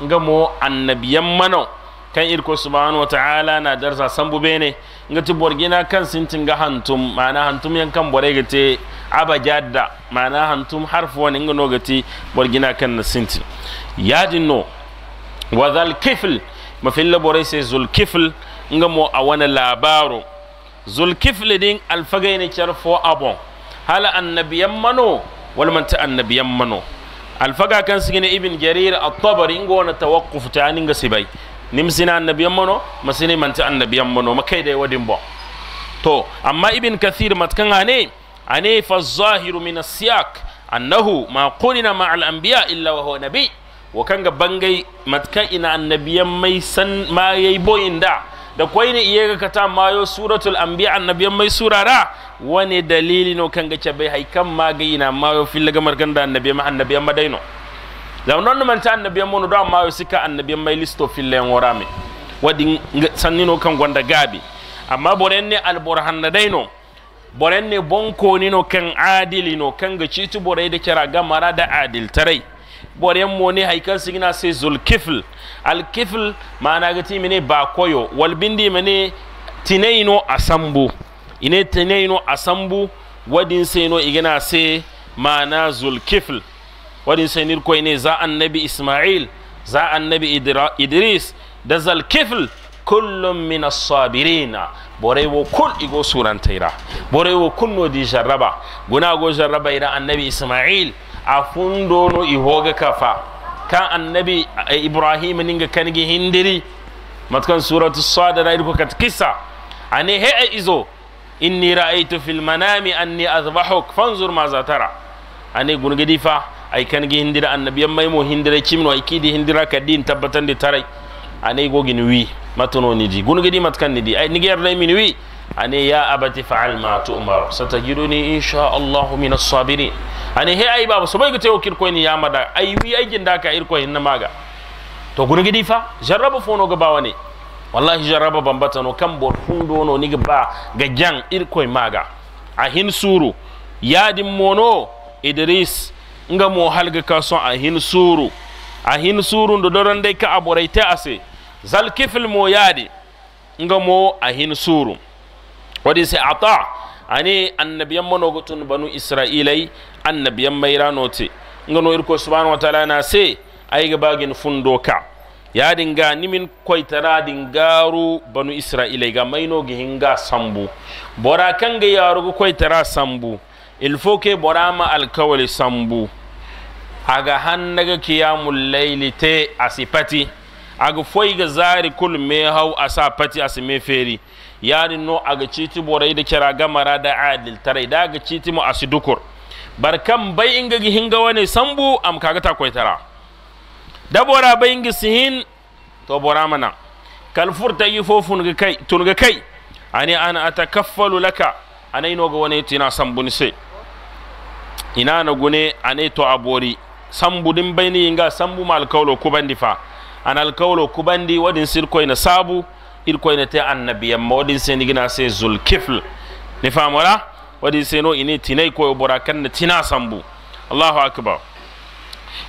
kissa mo annabiyan mano kan irko subhanahu wa ta'ala na darsa sambu bene ti borgina kan sintin ga hantum mana hantum yan kan bore gate abajadda mana hantum harfu wani ngano gati borgina kan na sintin yadin no wa zal kifl mafin sai zul kifl nga mo a wani labaro zul kifl din alfagai ne kyar fo abon hala annabiyan mano walmanta annabiyan mano alfaga kan sigine ibn jarir at-tabari ngo wani tawaqquf ta ninga sibai nimsina annabiyan mano masini manta annabiyan mano makai da wadin bo to amma Ibin kathir matkan ane ane fa zahiru min siyak annahu ma qulina ma al-anbiya illa wa huwa nabiy kan kanga bangai matkan ina annabiyan mai san ma yayi boyin da koyne ga kata mayo suratul anbiya annabiyan mai surara wani dalili no kanga bai hay kan ma ga ina mayo fillaga ganda annabiyan ma annabiyan ma da zamnon no ta annabiyan da ma mayo sika annabiyan mai listo fillen worame wadi sannino kan gonda gabi amma borenne da daino bonko ni no kan adili no ga citu borai da kira gamara da adil tarai boren mone haikal sigina se zulkifl alkifl mana gati mene ba koyo walbindi mene tinaino asambu ine tinaino asambu wadin seno igina se mana zulkifl wadin senir ko ine za annabi isma'il za annabi idris da zalkifl kullum min as-sabirina borai wo kul igo surantaira borai wo kunno di jarraba guna go jarraba ira annabi isma'il a fundono i hoga kafa kan annabi eh, ibrahim ninga kangi hindiri matkan suratu sada na irko kat kisa ani he a e izo inni ra'aytu fil manami anni azbahuk fanzur ma za tara ani gungidi fa ay kangi hindira annabiyan mai mo hindira kimno ay kidi hindira kadin tabbatan di tarai ani gogin wi matono niji gungidi matkan nidi ay nigiyar dai min wi ani ya abati fa'al ma tu'mar satajiduni insha Allah min as-sabirin ani he ai baba bai gute okir ko ni yamada ai wi aikin ginda ka ir ko hinna maga to gurgi difa fa fono ga bawani wallahi jarrabu bambata no kan bo fundo no ni ba ga jang ir ko maga a hin suru yadin mono Idris nga mo halga ka son a hin suru a hin suru do doran dai ka aborai ase zalkifil mo yadi nga mo a hin suru wadi sai ata ani annabiyan manogutun banu isra'ilai annabiyan mairanote ngano irko subhanahu wa ta'ala na sai ai ga bagin fundoka ya dinga nimin koitara dingaru banu isra'ilai ga maino hinga sambu bora kan ga yarugu koitara sambu il faut que bora ma alkawali sambu aga hannaga kiyamul layli te asipati aga foiga zari kul me hau asapati asime feri yari no aga citi borai da kira gamara da adil tarai da aga citi mu asidukur barkan bai inga gi hinga wani sambu am kaga ta koy tara da bora bai inga sihin to bora mana kalfur ta yi fofun ga kai tun ga kai ani ana atakaffalu laka anai no ga wani tina ni sai ina na gune anai to abori sambu din bai ni inga sambu mal kaulo kubandi fa an alkaulo kubandi wadin sirkoi na sabu il ko ina irkoynete annabiyamma waɗin seni gina se zulkifl ni famora waɗin seno ini tinai ko bora kanna tina sambu allahu akbar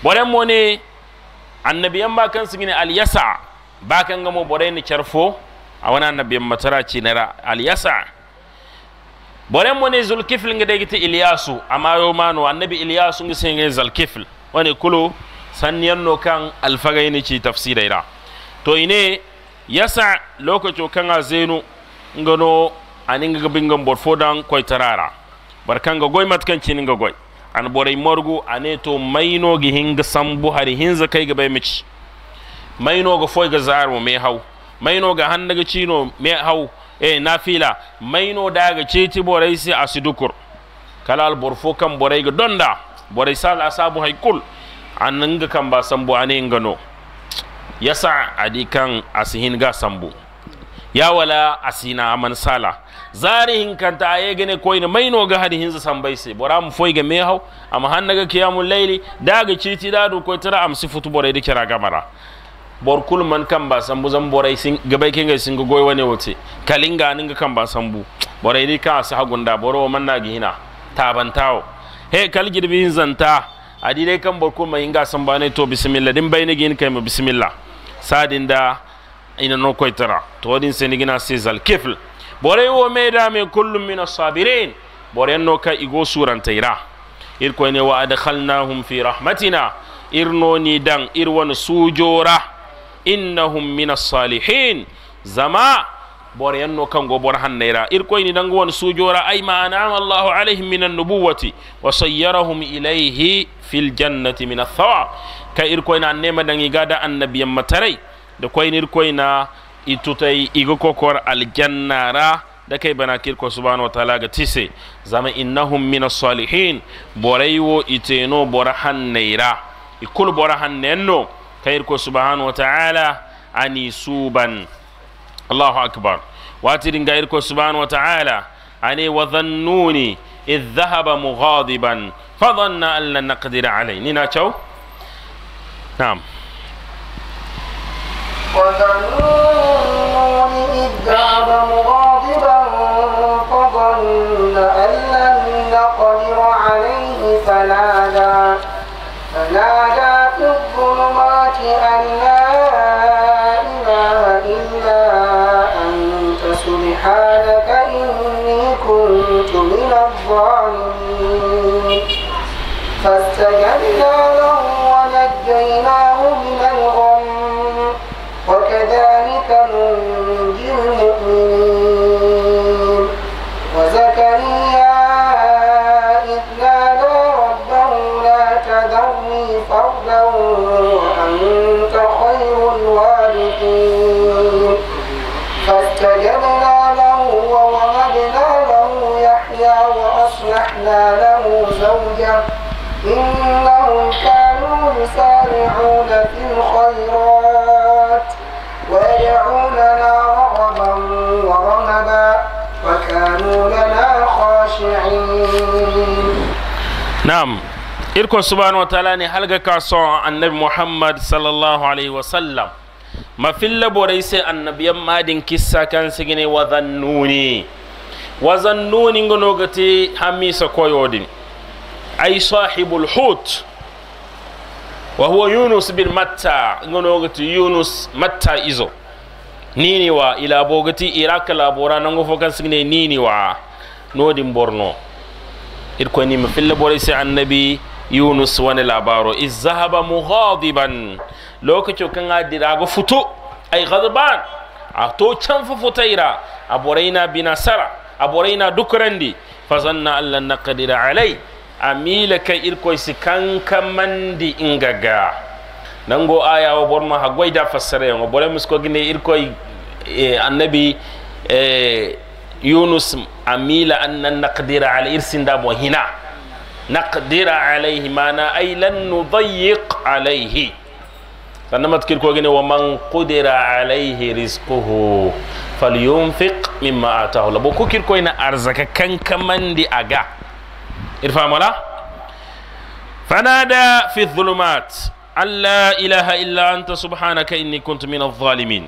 bore boren mone ba kan sigini alyasa bakan gamo ni charfo a wona annabiyamma tara cinara alyasa boren mone zulkifl ngi degiti ilyasu amma amayo mano annabi ilyasu ngi senge zulkifl wani kulu no kan alfagaini ci tafsirayra to ine yasa kan a zenu ngano ninga gabin gan bor fodan koy tarara barkanga goy matakanci cininga goi an margu morgu ne to maino gi hinga sambu hari hinza kai ga baymici maino ga foy ga zaro me hau, maino ga hannu ga cino me hau, e na maino da daga ceci borai si asidukur kalal bor fo kan borai ga donda sa sal asabu haikul an nga kan ba sambu ane ngano yasa adikan asihin ga sambu ya wala asina aman sala zarihin kanta aye gane mai maino ga hadihin za sambai sai bora mu foi ga hau amma han naga kiyamul laili daga citi dadu ko tara amsi futu bore da kira gamara bor man kan ba sambu zan bora sin ga bai kinga sin goyi wane wote kalinga nin ga kan ba sambu bora ni ka sa hagunda boro man na gihina tabantawo he kal girbi zanta adidai kan barko mai inga san bane to bismillah din bai nigin kai mu bismillah sadin da ina no koitara to din sai nigina sai zal kifl bore wo me da me kullum min sabirin bore no ka igo suran taira ir ko ne wa adkhalnahum fi rahmatina ir no ni dan ir won sujora innahum min salihin zama bore yanno go bor han naira ir ni dan won sujora ay ma anama allahu alaihim min an-nubuwati wa sayyarahum ilayhi fil jannati min athawa ka ir koyna nema dangi gada annabiyan matarai da koynir koyna itutai igo kokor aljannara da kai bana kirko subhanahu wataala ga tise zama innahum min as-salihin borai wo iteno bora hanneira ikul bora hannenno kayir ko subhanahu wataala ani suban allahu akbar watirin gayir ko subhanahu wataala ani wadhannuni idh dhahaba mughadiban فظن أن لن نقدر عليه نينا تشو نعم وظنوا إذ ذهب مغاضبا فظن أن لن نقدر عليه فنادى فنادى فاستجبنا له ونجيناه نعم إركو سبحانه وتعالى هلغا كاسو النبي محمد صلى الله عليه وسلم ما في اللبوريس النبي ما دين كيسا كان سجني وظنوني وظنوني نغنوغتي هميسا كويودين أي صاحب الحوت وهو يونس بن متى نغنوغتي يونس متى إزو نيني وا إلى بوغتي إراك لابورا نغفو كان سجني نيني وا نودين بورنو irkoni mi filla bore sai annabi yunus wani labaro izahaba mughadiban lokacin kan adira ga futo ai ghadban a to can fa futaira a boraina binasara a boraina randi. fa zanna allan naqdira alai amila kai irkoi sikan kamandi ingaga nango aya wa borma hagwai da fassara yango bore musko gine irkoi eh, annabi eh yunus amila annan naqdira ala irsin da bo hina naqdira alayhi mana ay lan nudayyiq alayhi sannan matkir ko wa man qudira alayhi rizquhu falyunfiq mimma atahu la bo kukir ko ina arzaka kan kamandi aga irfa mala fanada fi dhulumat alla ilaha illa anta subhanaka inni kuntu min adh-dhalimin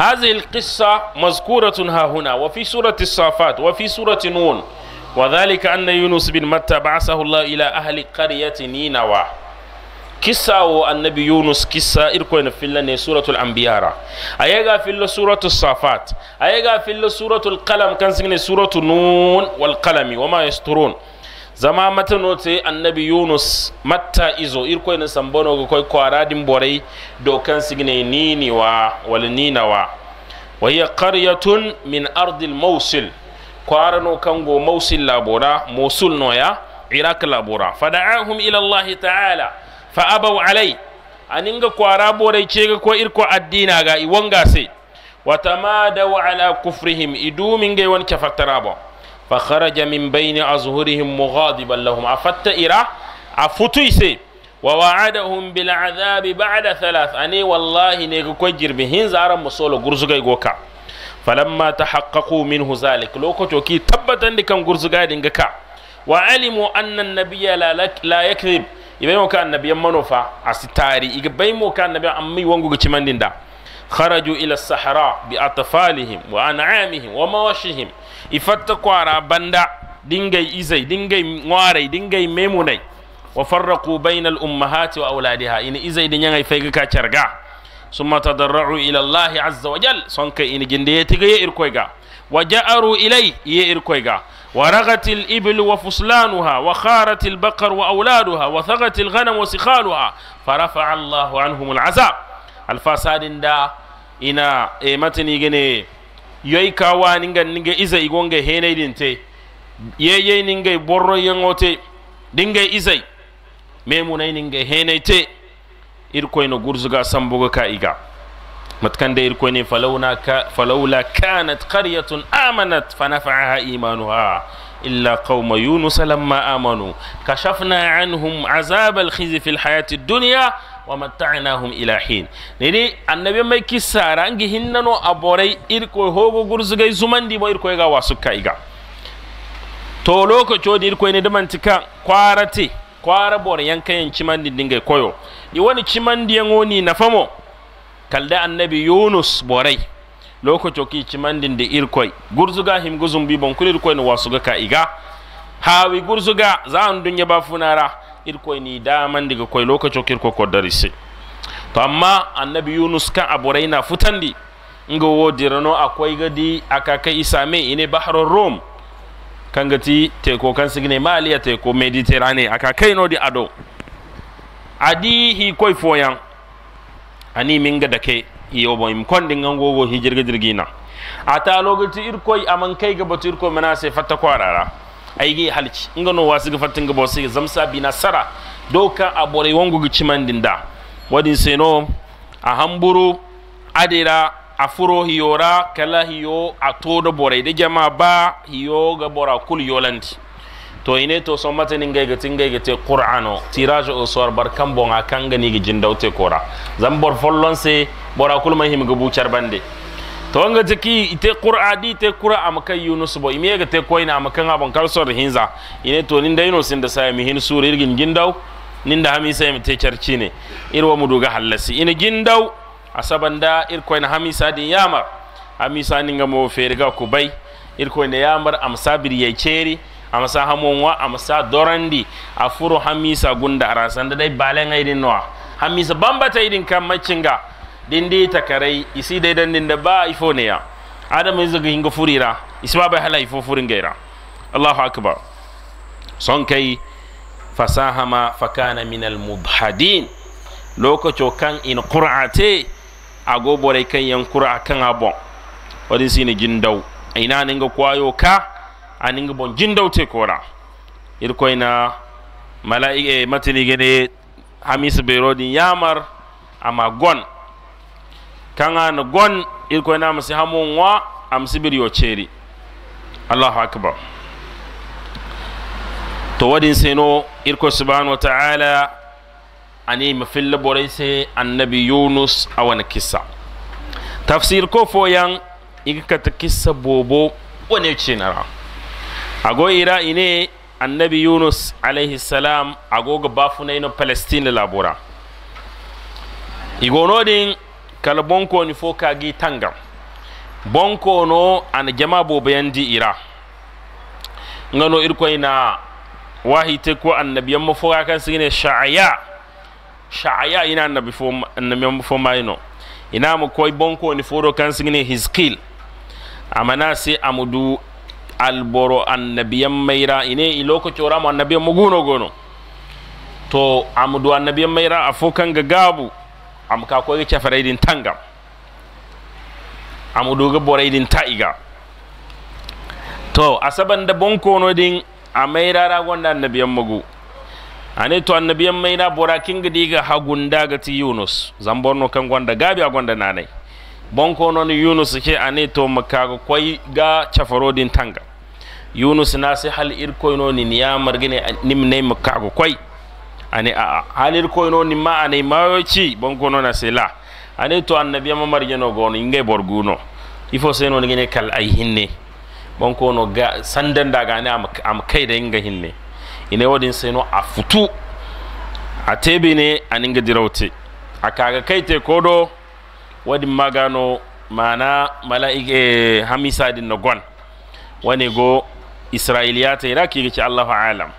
هذه القصة مذكورة ها هنا وفي سورة الصافات وفي سورة نون وذلك أن يونس بن متى بعثه الله إلى أهل قرية نينوى قصة النبي يونس قصة إركوين في الله سورة الأنبياء أيها في الله سورة الصافات أيها في الله سورة القلم كان سورة نون والقلم وما يسترون zama matanote annabi yunus matta izo irkoy na sambono ga koy kwaradin borai dokan signe niniwa wal ninawa wa hiya qaryatun min ardil al mawsil kwarano kango mawsil labora mosul noya iraq labora fada'ahum ila allah ta'ala fa abaw alai aninga kwara borai cega ko irko addina ga iwanga sai wa ala kufrihim idu min gay won فخرج من بين أظهرهم مغاضبا لهم عفت إرا عفتيس ووعدهم بالعذاب بعد ثلاث أني والله جير بهن زارا مصولو غرزغا يغوكا فلما تحققوا منه ذلك كنتو كي تبتن لكم غرزغا دينغكا وعلموا أن النبي لا لا يكذب يبينو كان النبي منوفا أستاري يبينو كان النبي أمي وانغو تشماندين خرجوا إلى الصحراء بأطفالهم وأنعامهم ومواشهم ifatta banda dingay izay dingay ngwarai dingay memunai wa farraqu bainal ummahati wa auladiha ini izay din yangai fai ka carga summa tadarra'u ila Allah azza wa jal sonka ini jinde yetiga ye irkoiga wa ja'aru ilai ye irkoiga ورغت الإبل وفصلانها وخارت البقر وأولادها وثغت الغنم وسخالها فرفع الله عنهم العذاب الفساد دا إنا إيمتني جنيه yoy kawa ninga ninga iza igonga henai dinte yeye ninga borro yengote dinga izai memunai ninga henai te irkoy no gurzuga sambuga ka iga matkan da irkoy ne falawna ka falawla kanat qaryatun amanat fanafa'aha imanuha إلا قوم يونس لما آمنوا كشفنا عنهم عذاب الخزي في الحياة الدنيا wa mata'nahum ila hin nidi annabi mai kisara rangi hinnano aborai irko hogo gurzugai zumandi mo irko ga wasuka iga to lokaco da irko ne da mantika kwarate kwara bor yankayen cimandi dinga koyo ni wani cimandi yango ni na famo kalda annabi yunus borai lokaco ki cimandin da irko gurzuga him guzum bi bon kulir koy ne wasuga ka iga hawi gurzuga za an dunya ba funara Irko ni diga koy lokaco kirko ko darise to amma annabi yunus kan aborayna futandi nga rano akwai gadi akaka isame ine bahro rom kan gati teko kan sigine maliya teko mediterane di ado adi hi koy foyan ani minga dake iyo bo im kondi ngango wo hijirga dirgina ata logati irkoy aman kai ga batu mana se fatta kwarara ayge halci ngano wasu ga fatin ga bosi zamsa bi nasara doka bore wangu gici mandinda wadin seno a hamburu adira a furo hiyora kala hiyo a da bore da jama ba hiyo ga bora kul yolandi to ine to son mata nin gaiga tin gaiga te qur'ano tiraje o sor bar bon gani ga daute kora zan bor follon bora kul mahim ga bucar bande to nga jiki ite qur'a di te kura makan yunus bo ime ga te koina makan abon kalsor hinza ine to nin daino sin da sai mi hin suri irgin gindau nin da hami sai mi te charci ne irwa mudu ga hallasi ine gindau asabanda ir koina hami sa din yama hami sa ninga mo feriga ku bai ir koina yamar amsa sabir ye cheri amsa hamonwa sa dorandi afuru hami sa gunda arasan da dai balen aidin noa hami sa bambata idin kan macinga dindi takarai isi dai dan dinda ba ifo ne ya adam yanzu ga hinga furira isma bai hala ifo furin gaira Allahu akbar son kai fasahama fakana min al mubhadin lokaco kan in qur'ate agobore kan yan qur'a kan abon wadin sini jindau ina ninga kwayo ka aninga bon jindau te kora irkoina malaike eh, matini gene hamis berodin yamar ama gon kanga na gon irko na musi hamu wa amsi yo cheri allahu akbar to wadin seno irko subhanahu ta'ala ani mafil borai se annabi yunus a wani kisa tafsir ko foyan iga ta kisa bobo wane ce ago ira ine annabi yunus alaihi salam ago ga bafunai na palestine labura igonodin kala ni fo kagi tangam no ana jama bayandi ira ngano ina wahite ko annabiyamma fo kan sigine sha'aya sha'aya ina annabi fo annabiyamma fo mayno ina mu bonko ni fo do kan sigine hizqil amana se amudu alboro annabiyamma ira ine iloko annabi mu gono gono to amudu annabiyamma ira afo kan ga am ka koy cafere din tangam am doga boray din ta'iga to asaban da bonkono din a mairara gonda annabiyan mugu ane to annabiyan na bora king diga hagunda ga ti yunus zamborno kan gonda gabi a gonda nanai bonkono ni yunus ke ane to ko koy ga cafaro din tanga yunus na sai hal irkoyno ni niyamar gine nimne ko koy ani a halir no ni ma ani ko no na sela ani to annabiya ma no gon inge borguno ifo seno ne kal ay hinne no ga sandan daga ni am am da inga hinne ine wodin seno a futu a tebe ne dirauti dirauti a kai te kodo wadin magano mana mala'ike eh, hamisa din na gon wani go isra'iliya ta iraki gici allahu alam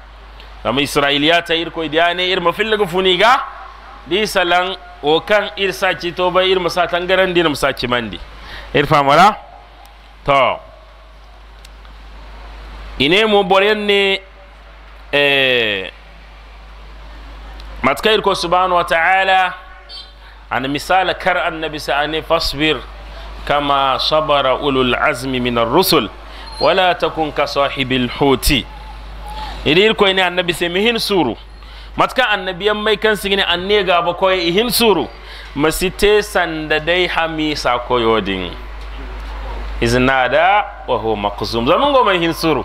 nam israiliyata irko idiyane irma fillaga funiga di salan o kan ir saci to bai irma sa tangaran dinam saci mandi irfa mara to ine mu borenne eh matuka irko subhanahu wa ta'ala an misala kar annabi ane fasbir kama sabara ulul azmi min rusul wala takun ka sahibil huti irir koy ne annabi se mihin suru matka annabiyan mai kan sigini anne ba koy ihin suru masite sanda dai hamisa koyodin iznada wa huwa maqzum zaman go mai hin suru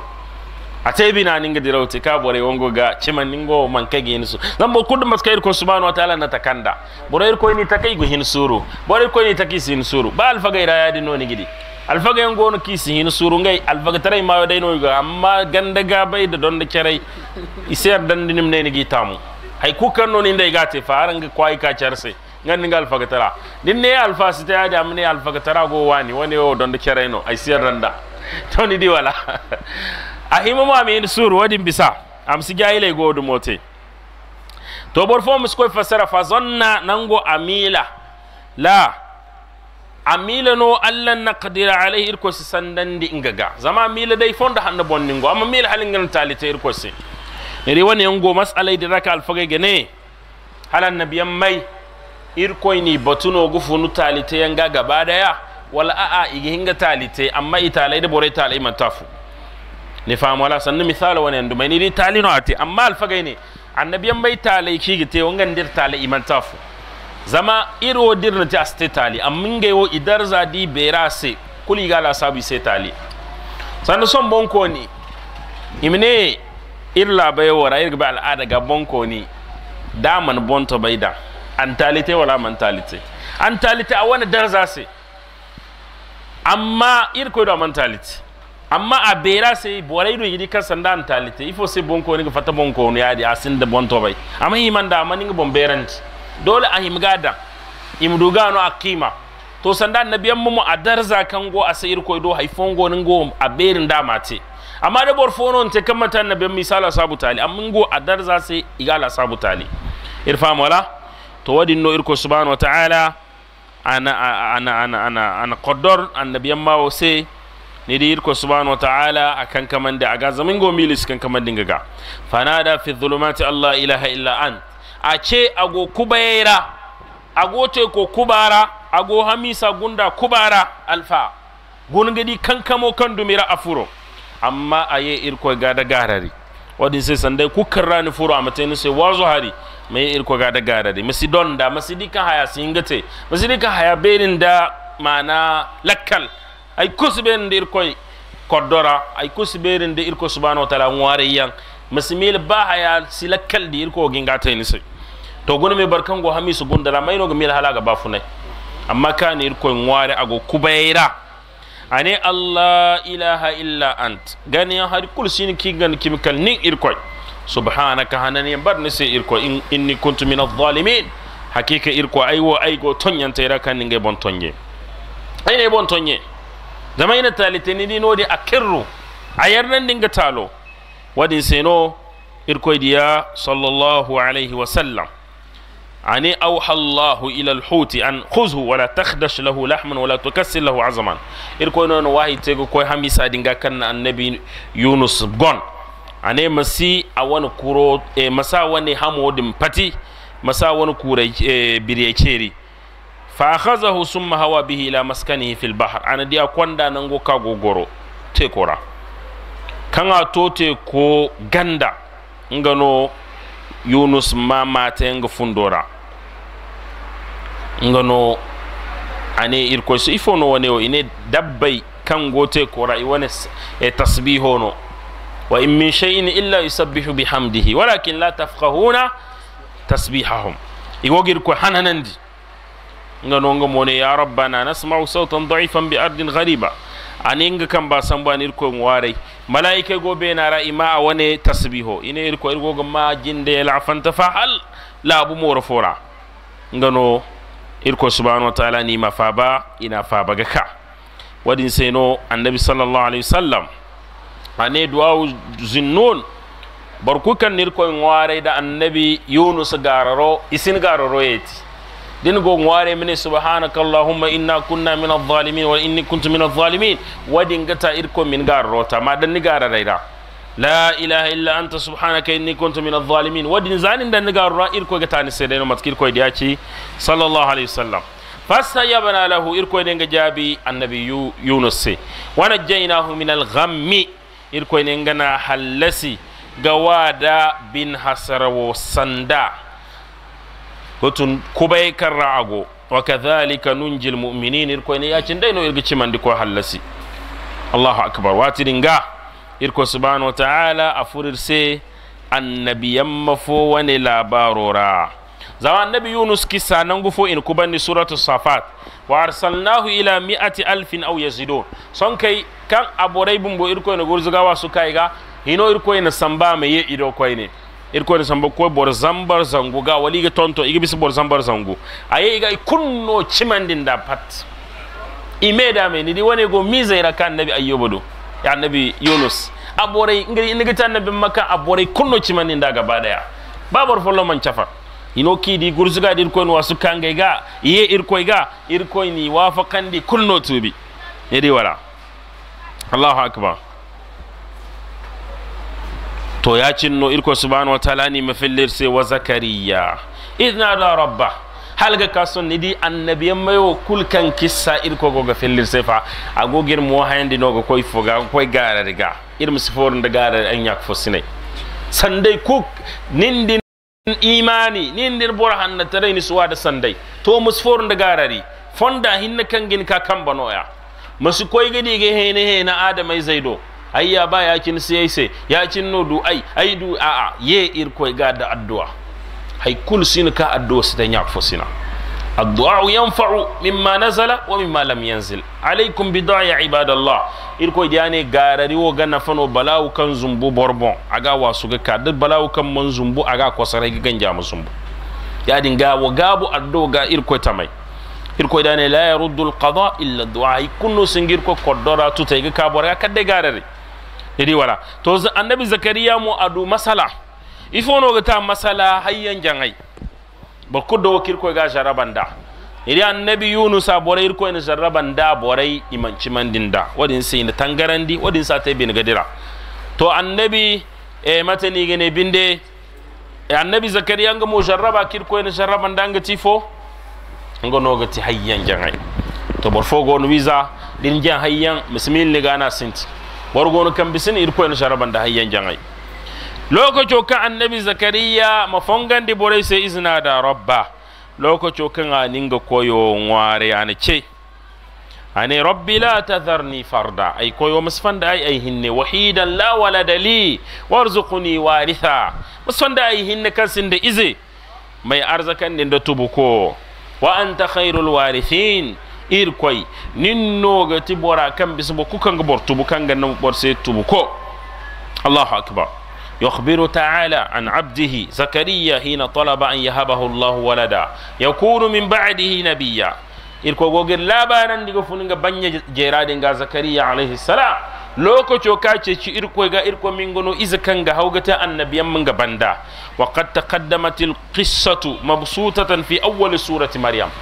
a bi na ninga dirauti ka bore wongo ga ciman ningo man kage yin su zan bo kudum mas kayir ko subhanahu wataala na takanda bore ko ni takai go hin suru bore ko ni takisi hin suru ba alfa gaira ya dinno ni gidi alfaga yan gono kisi hin surungai alfaga tarai mayo dai no ga amma ganda bai da don da kerai isiyar dan dinim ne ni tamu Hai ku kan no ni dai ga te faran ga kwai ka charse ngan ni alfaga tara din ne alfa sita ya da amne alfaga tara go wani wani o don da kerai no ai siyar randa to ni di wala a hima ma mi sur wadin bisa am si jahilai go du mote to bor fo mi skoy fasara fa zonna nango amila la amilano allah naqdira alayhi sandan di ingaga zama mila dai fonda hanna bonningo amma mila halin halingan talita ne iri wani yango alai da raka alfaga gane halan nabiyan mai irkoi ni batuno nu talita yanga gaba daya wala a'a igi hinga talita amma italai da bore talai man tafu ni famu wala sannu misala wani yandu mai ni talino ate amma alfagai ne annabiyan mai talai kigite wangan dir talai iman tafu zama iro ta aste tali aminge wo zadi di se kuli gala sabi se tali san son bonko ni imne illa bai wara irga bai al'ada ga bonko ni daman bonto bai da antalite wala mentalite antalite a wani darza se amma irko da mentalite amma a bera se bora ido yidi kan sanda antalite ifo se bonko ni ga fata bonko ni ya di asin da bonto bai amma himan da man ni ga bomberanti dole a himgadan imdugano a kima to sanda na biyan mu a darza kan a sayir koy do haifon go go a berin dama ce amma da bor fono te kan mata na biyan misala sabu tali amma go a darza sai igala sabu tali irfam wala to wadin no irko subhanahu wa ta'ala ana ana ana ana ana qaddar annabiyan ma sai ni di irko subhanahu wa ta'ala akan kaman da aga zamin go milis kan kaman dinga ga fanada fi dhulumati allah ilaha illa ant ace ago kubayera te ko kubara ago hamisa gunda kubara alfa gongedi kankamo dumira afuro amma aye irko gada garari wadin sai ku karrani furo a amateni sai wazo hari mai irko gada garari masi donda masi dika haya singate masi dika haya benin da mana lakkal ay kusben da irko kodora ay kusberin da irko subhanahu wa ta'ala ngware yan masi mil ba haya lakkal da irko gingata ni sai to guna Hami barkan go hamisu gundara mayno ga mil halaga bafunai amma kan ir ko ngware ago kubaira ane allah ilaha illa ant gani har kul sin ki gan kimkal nin ir subhanaka hanani bar ne sai ir in inni kuntu min adh-dhalimin hakika ir aiwo aigo tonyan tayra kan ninge bon tonye ai ne bon tonye zama ina talitini ni nodi akirru ayar nan dinga talo wadin seno irkoidiya sallallahu alaihi wasallam ani auha Allahu ila al-huti an khuzhu wala takhdash lahu lahman wala tukassir lahu azman ir ko non wahi tego ko hamisa dinga kan nabi Yunus gon ane masi awan kuro e masa wani hamodin pati masa wani kura e, biryeceri fa akhazahu summa hawa bihi ila maskanihi fil bahr ana dia kwanda nango ka gogoro te kora kanga tote ko ganda ngano Yunus ma mata yanga fundora ngano ane irko so ifo no wane o ine dabbay kan gote ko ra'i wone e tasbiho no wa in min shay'in illa yusabbihu bihamdihi walakin la tafqahuna tasbihahum iwogir ko hananandi ngano ngam wone ya rabbana nasma'u sawtan da'ifan bi ardin ghariba ane nga kan ba san ba ni irko warai malaika gobe na ra ima a wane tasbiho ine irko irgo ma jinde la fanta hal la bu mora fora ngano irko subhanahu wataala nima faba ina ga ka wadin no annabi sallallahu alaihi wasallam ane duwawu zinnun barkukan nirko ngware da annabi yunus gararo isin gararo yeti din go ngware mini subhanaka allahumma inna kunna min adh-dhalimin wa inni kuntu min adh-dhalimin wadin gata irko min gararo ta ma dan ni gararaida la ilaha illa anta subhanaka inni kuntu min adh-dhalimin wadin zanin da niga ra irko ga tani sai da matkil ko da ci sallallahu alaihi wasallam bana lahu irko ne ga jabi annabi yunus sai wa najaynahu min al-ghammi ne na halasi ga wada bin hasarawo sanda hutun kubai kan wa kadhalika nunjil mu'minin irko ne ya cin dai no irgici man ko halasi allahu akbar watiringa irko subhanahu ta'ala a furirse annabiyan mafo wani labarora zama annabi yunus kisa nan gufo in kuban ni suratul safat wa arsalnahu ila mi'ati alfin aw yazidun son kai kan aborai bumbo irko ne gurzugawa su kai ga hino irko ne samba mai ye ido koi ne irko ne samba ko bor zambar zangu ga wali ga tonto igi bis bor zambar zangu aye ga kunno cimandin da pat ime me ni di wani go mi zaira kan nabi ayyubudu ya annabi yunus aborai ngari ni gita annabi maka aborai kunno manin da gaba daya babar follo man cafa ino kidi gursuga dir koin wasu kangai ga ye irkoi ga ni wafa kandi kunno tubi ne wala allahu akbar to ya cinno irko subhanahu wa ta'ala ni mafillir sai wa zakariya idna da rabba halga kason nidi annabiya mayo kulkan kissa irko goga fellir sefa agogir mo hayandi noga koy foga koy gara riga irin siforin da gara an yak fosine sandai kuk nindi imani nindir burhan hanna tare ni suwa da sandai to musforin da garari fonda hinna kangin ka kan noya masu koy gidi ge hene hene adamai zaido ba ya ba sai sai ya kin du ai ai du a'a ye irko ga da addu'a هي كل سين كا أدو ستنياك فسنا الدعاء ينفع مما نزل ومما لم ينزل عليكم بدعاء عباد الله إلكو يعني غارري وغانا فنو بلاو كان زنبو بوربون أغا واسوغا كاد بلاو كان من زنبو أغا كوسرهي غنجام زنبو دين يعني غا وغابو الدو غا إلكو تمي إلكو يعني لا يرد القضاء إلا الدعاء كنو سنجيركو كدورا تتايغ كابورا كاد غارري يدي ولا توز النبي زكريا مو أدو مسألة ifonoga ta masala hayyan jangay ba kuddo ko ga jarabanda iri annabi yunus a boray irkoy na jarabanda boray imancimandinda wadin sai na tangarandi wadin sa ta ne gadira to annabi e ni gene binde e, annabi zakariya jaraba mo jarraba kirkoy na jarabanda nga tifo nga noga ti hayyan jangay to bor fo no wiza din jan hayyan muslimin gana sinti bor gon kambisin irkoy na jarabanda hayyan jangay Lokacin kan annabi zakariya mafongan di borai sai izina da rabba lokaco kan aninga koyo nware ana ce ane rabbi la tadharni farda ai koyo musfanda ai ai hinne wahidan la walada li warzuqni waritha musfanda ai hinne kasin da ize mai arzakan din da tubuko wa anta khairul warithin ir koy nin no gati bora kan bisbo kukan ga bor tubukan ga bor sai tubuko allahu akbar يخبر تعالى عن عبده زكريا حين طلب أن يهبه الله ولدا يكون من بعده نبيا irko gogir labaran diga funinga banya jerade nga zakariya alaihi salam lokaco ka ceci irko ga irko min gono izkan ga haugata annabiyan mun ga banda wa qad taqaddamat al qissatu mabsutatan fi awwal surati maryam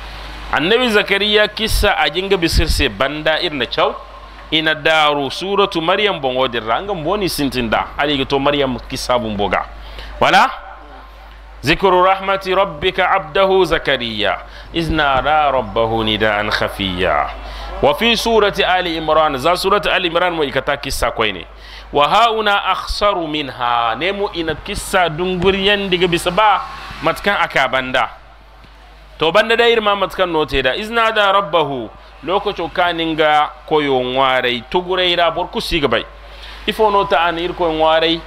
annabi zakariya kissa a jinga bisirse banda irna chau ina daru suratu maryam bon wodir ranga boni sintinda ali to maryam kisabu mboga wala zikru rahmati rabbika abdahu zakariya izna ra rabbahu nidaan khafiya wa fi surati ali imran za surati ali imran mo ikata kisa koyne wa hauna akhsaru minha nemu ina kisa dungurian diga bisaba matkan akabanda to banda dair ma matkan noteda da da rabbahu lokaco kaninga koyo ŋwaray tugurayra borku sigabay ifono ta an irkoy warai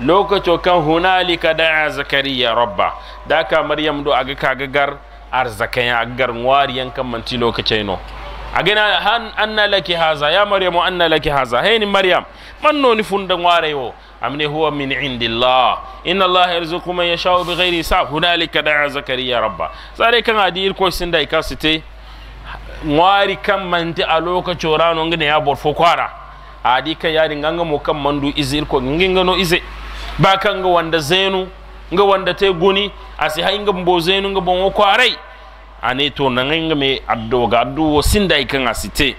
lokacin kan hunalika daa zakariya rabba daka maryam do aga kaga gar arzakaya aga gar ŋwariyan kan manti lokacayno agana han anna laki haza ya maryam anna laki haza heyni maryam man noni funda ŋwaray o amne huwa min indillah inna allah yarzuqu man yashau bigayri hisab hunalika daa zakariya rabba sare kan adir ko sindai kasite ŋwaari kan manti a lokacin rano nga ne ya borfo kwara a kaŋ yari ga mu kan mandu ize irko nginga no ize ba kan ga wanda zenu nga wanda te guni asi hay ga mbo zenu nga bongo kwarai A ne to nangai ga me addo ga addo wo sindai kaŋ asi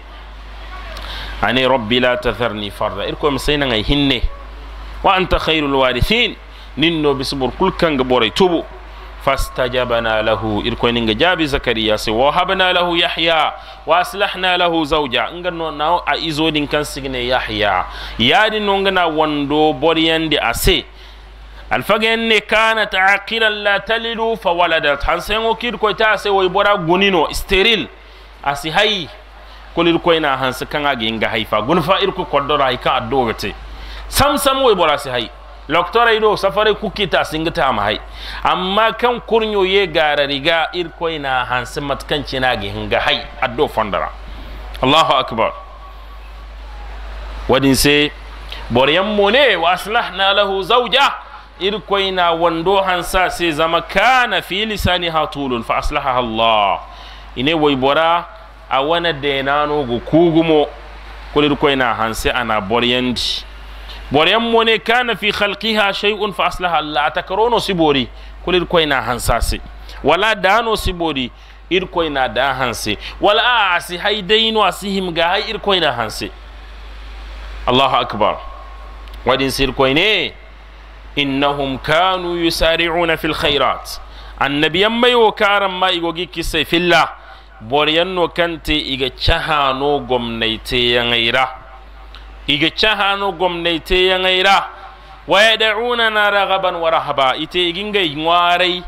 A ne rabbi la tatharni farra irko mi sai nangai hinne wa anta khairul warithin ninno bisbor kul kan ga boray tubu Fastaja na lahu irkoi ninga jabi zakari ya sayo lahu yahya wa silah na lahu zauja nga nuna a izodin kan sikne yahya yadin nuna wando boryandi ase alfahani ne kala ta aƙilan litalin lufa wala da hansan yawon ƙirƙoyi ta sayo wai bora guni no sterile a siya kulikon na hansan kan ake yi haifa gunfa irko kodol ake ka a dorati sam sam wai loktora ido safari kukita singita mahai amma kan kurnyo ye gara riga irkoi na hansi matkan cina gi hinga hai addo fandara Allahu akbar wadin sai boryan mune ne wa aslahna lahu zawja irkoi na wando hansa sai zama kana fi lisani hatulun fa aslaha Allah ine wai bora a wana denano go kugumo kulir na hansi ana boryandi boremmone kana fi halqiha shey'un fa aslaha allah ata sibori kulir koyna hansase, wala dano sibori ir koyna da hanse wala a asi hay deyno asi himga hay ir koyna hanse allahu akbar waɗin sir koyne innahum kanu yusari'una fi lhayrat annabiyan may wo karan ma igo gikki sey filla boryanno kante iga cahano gomnayteyaŋayra iga cahano gomnayte yaŋayra wayadacunana ragaban warahaba ite igingay ŋwaray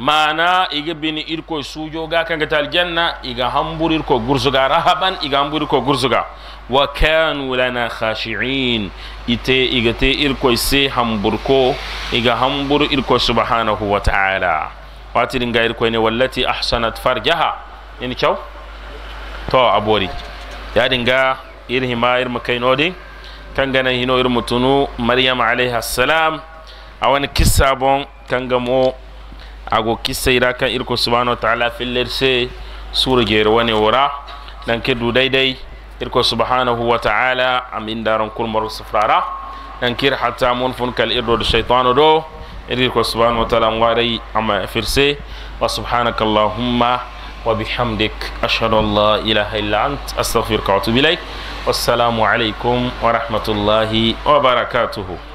mana iga bini irko sujo ga kanga tal janna iga hambur irko gurzuga rahaban iga hambur irko gurzuga wa kanu lana khashi'in ite iga te irko se hambur ko iga hambur irko subhanahu wa ta'ala wati dinga irko ne wallati ahsanat farjaha in chaw to abori ya dinga ir hima ir kan kangana hino ir mutunu maryam alayhi salam wani kissa bon kangamo ago kissa ira kan irko subhanahu wa ta'ala fillerse sura jer wani wora dan ke du daidai irko subhanahu wa ta'ala amin daron kulmar sufrara dan kir hatta mun fun kal irdo do shaytanu do irko subhanahu wa ta'ala ngwarai ama firse wa subhanakallahumma وبحمدك أشهد أن لا إله إلا أنت أستغفرك وأتوب إليك والسلام عليكم ورحمة الله وبركاته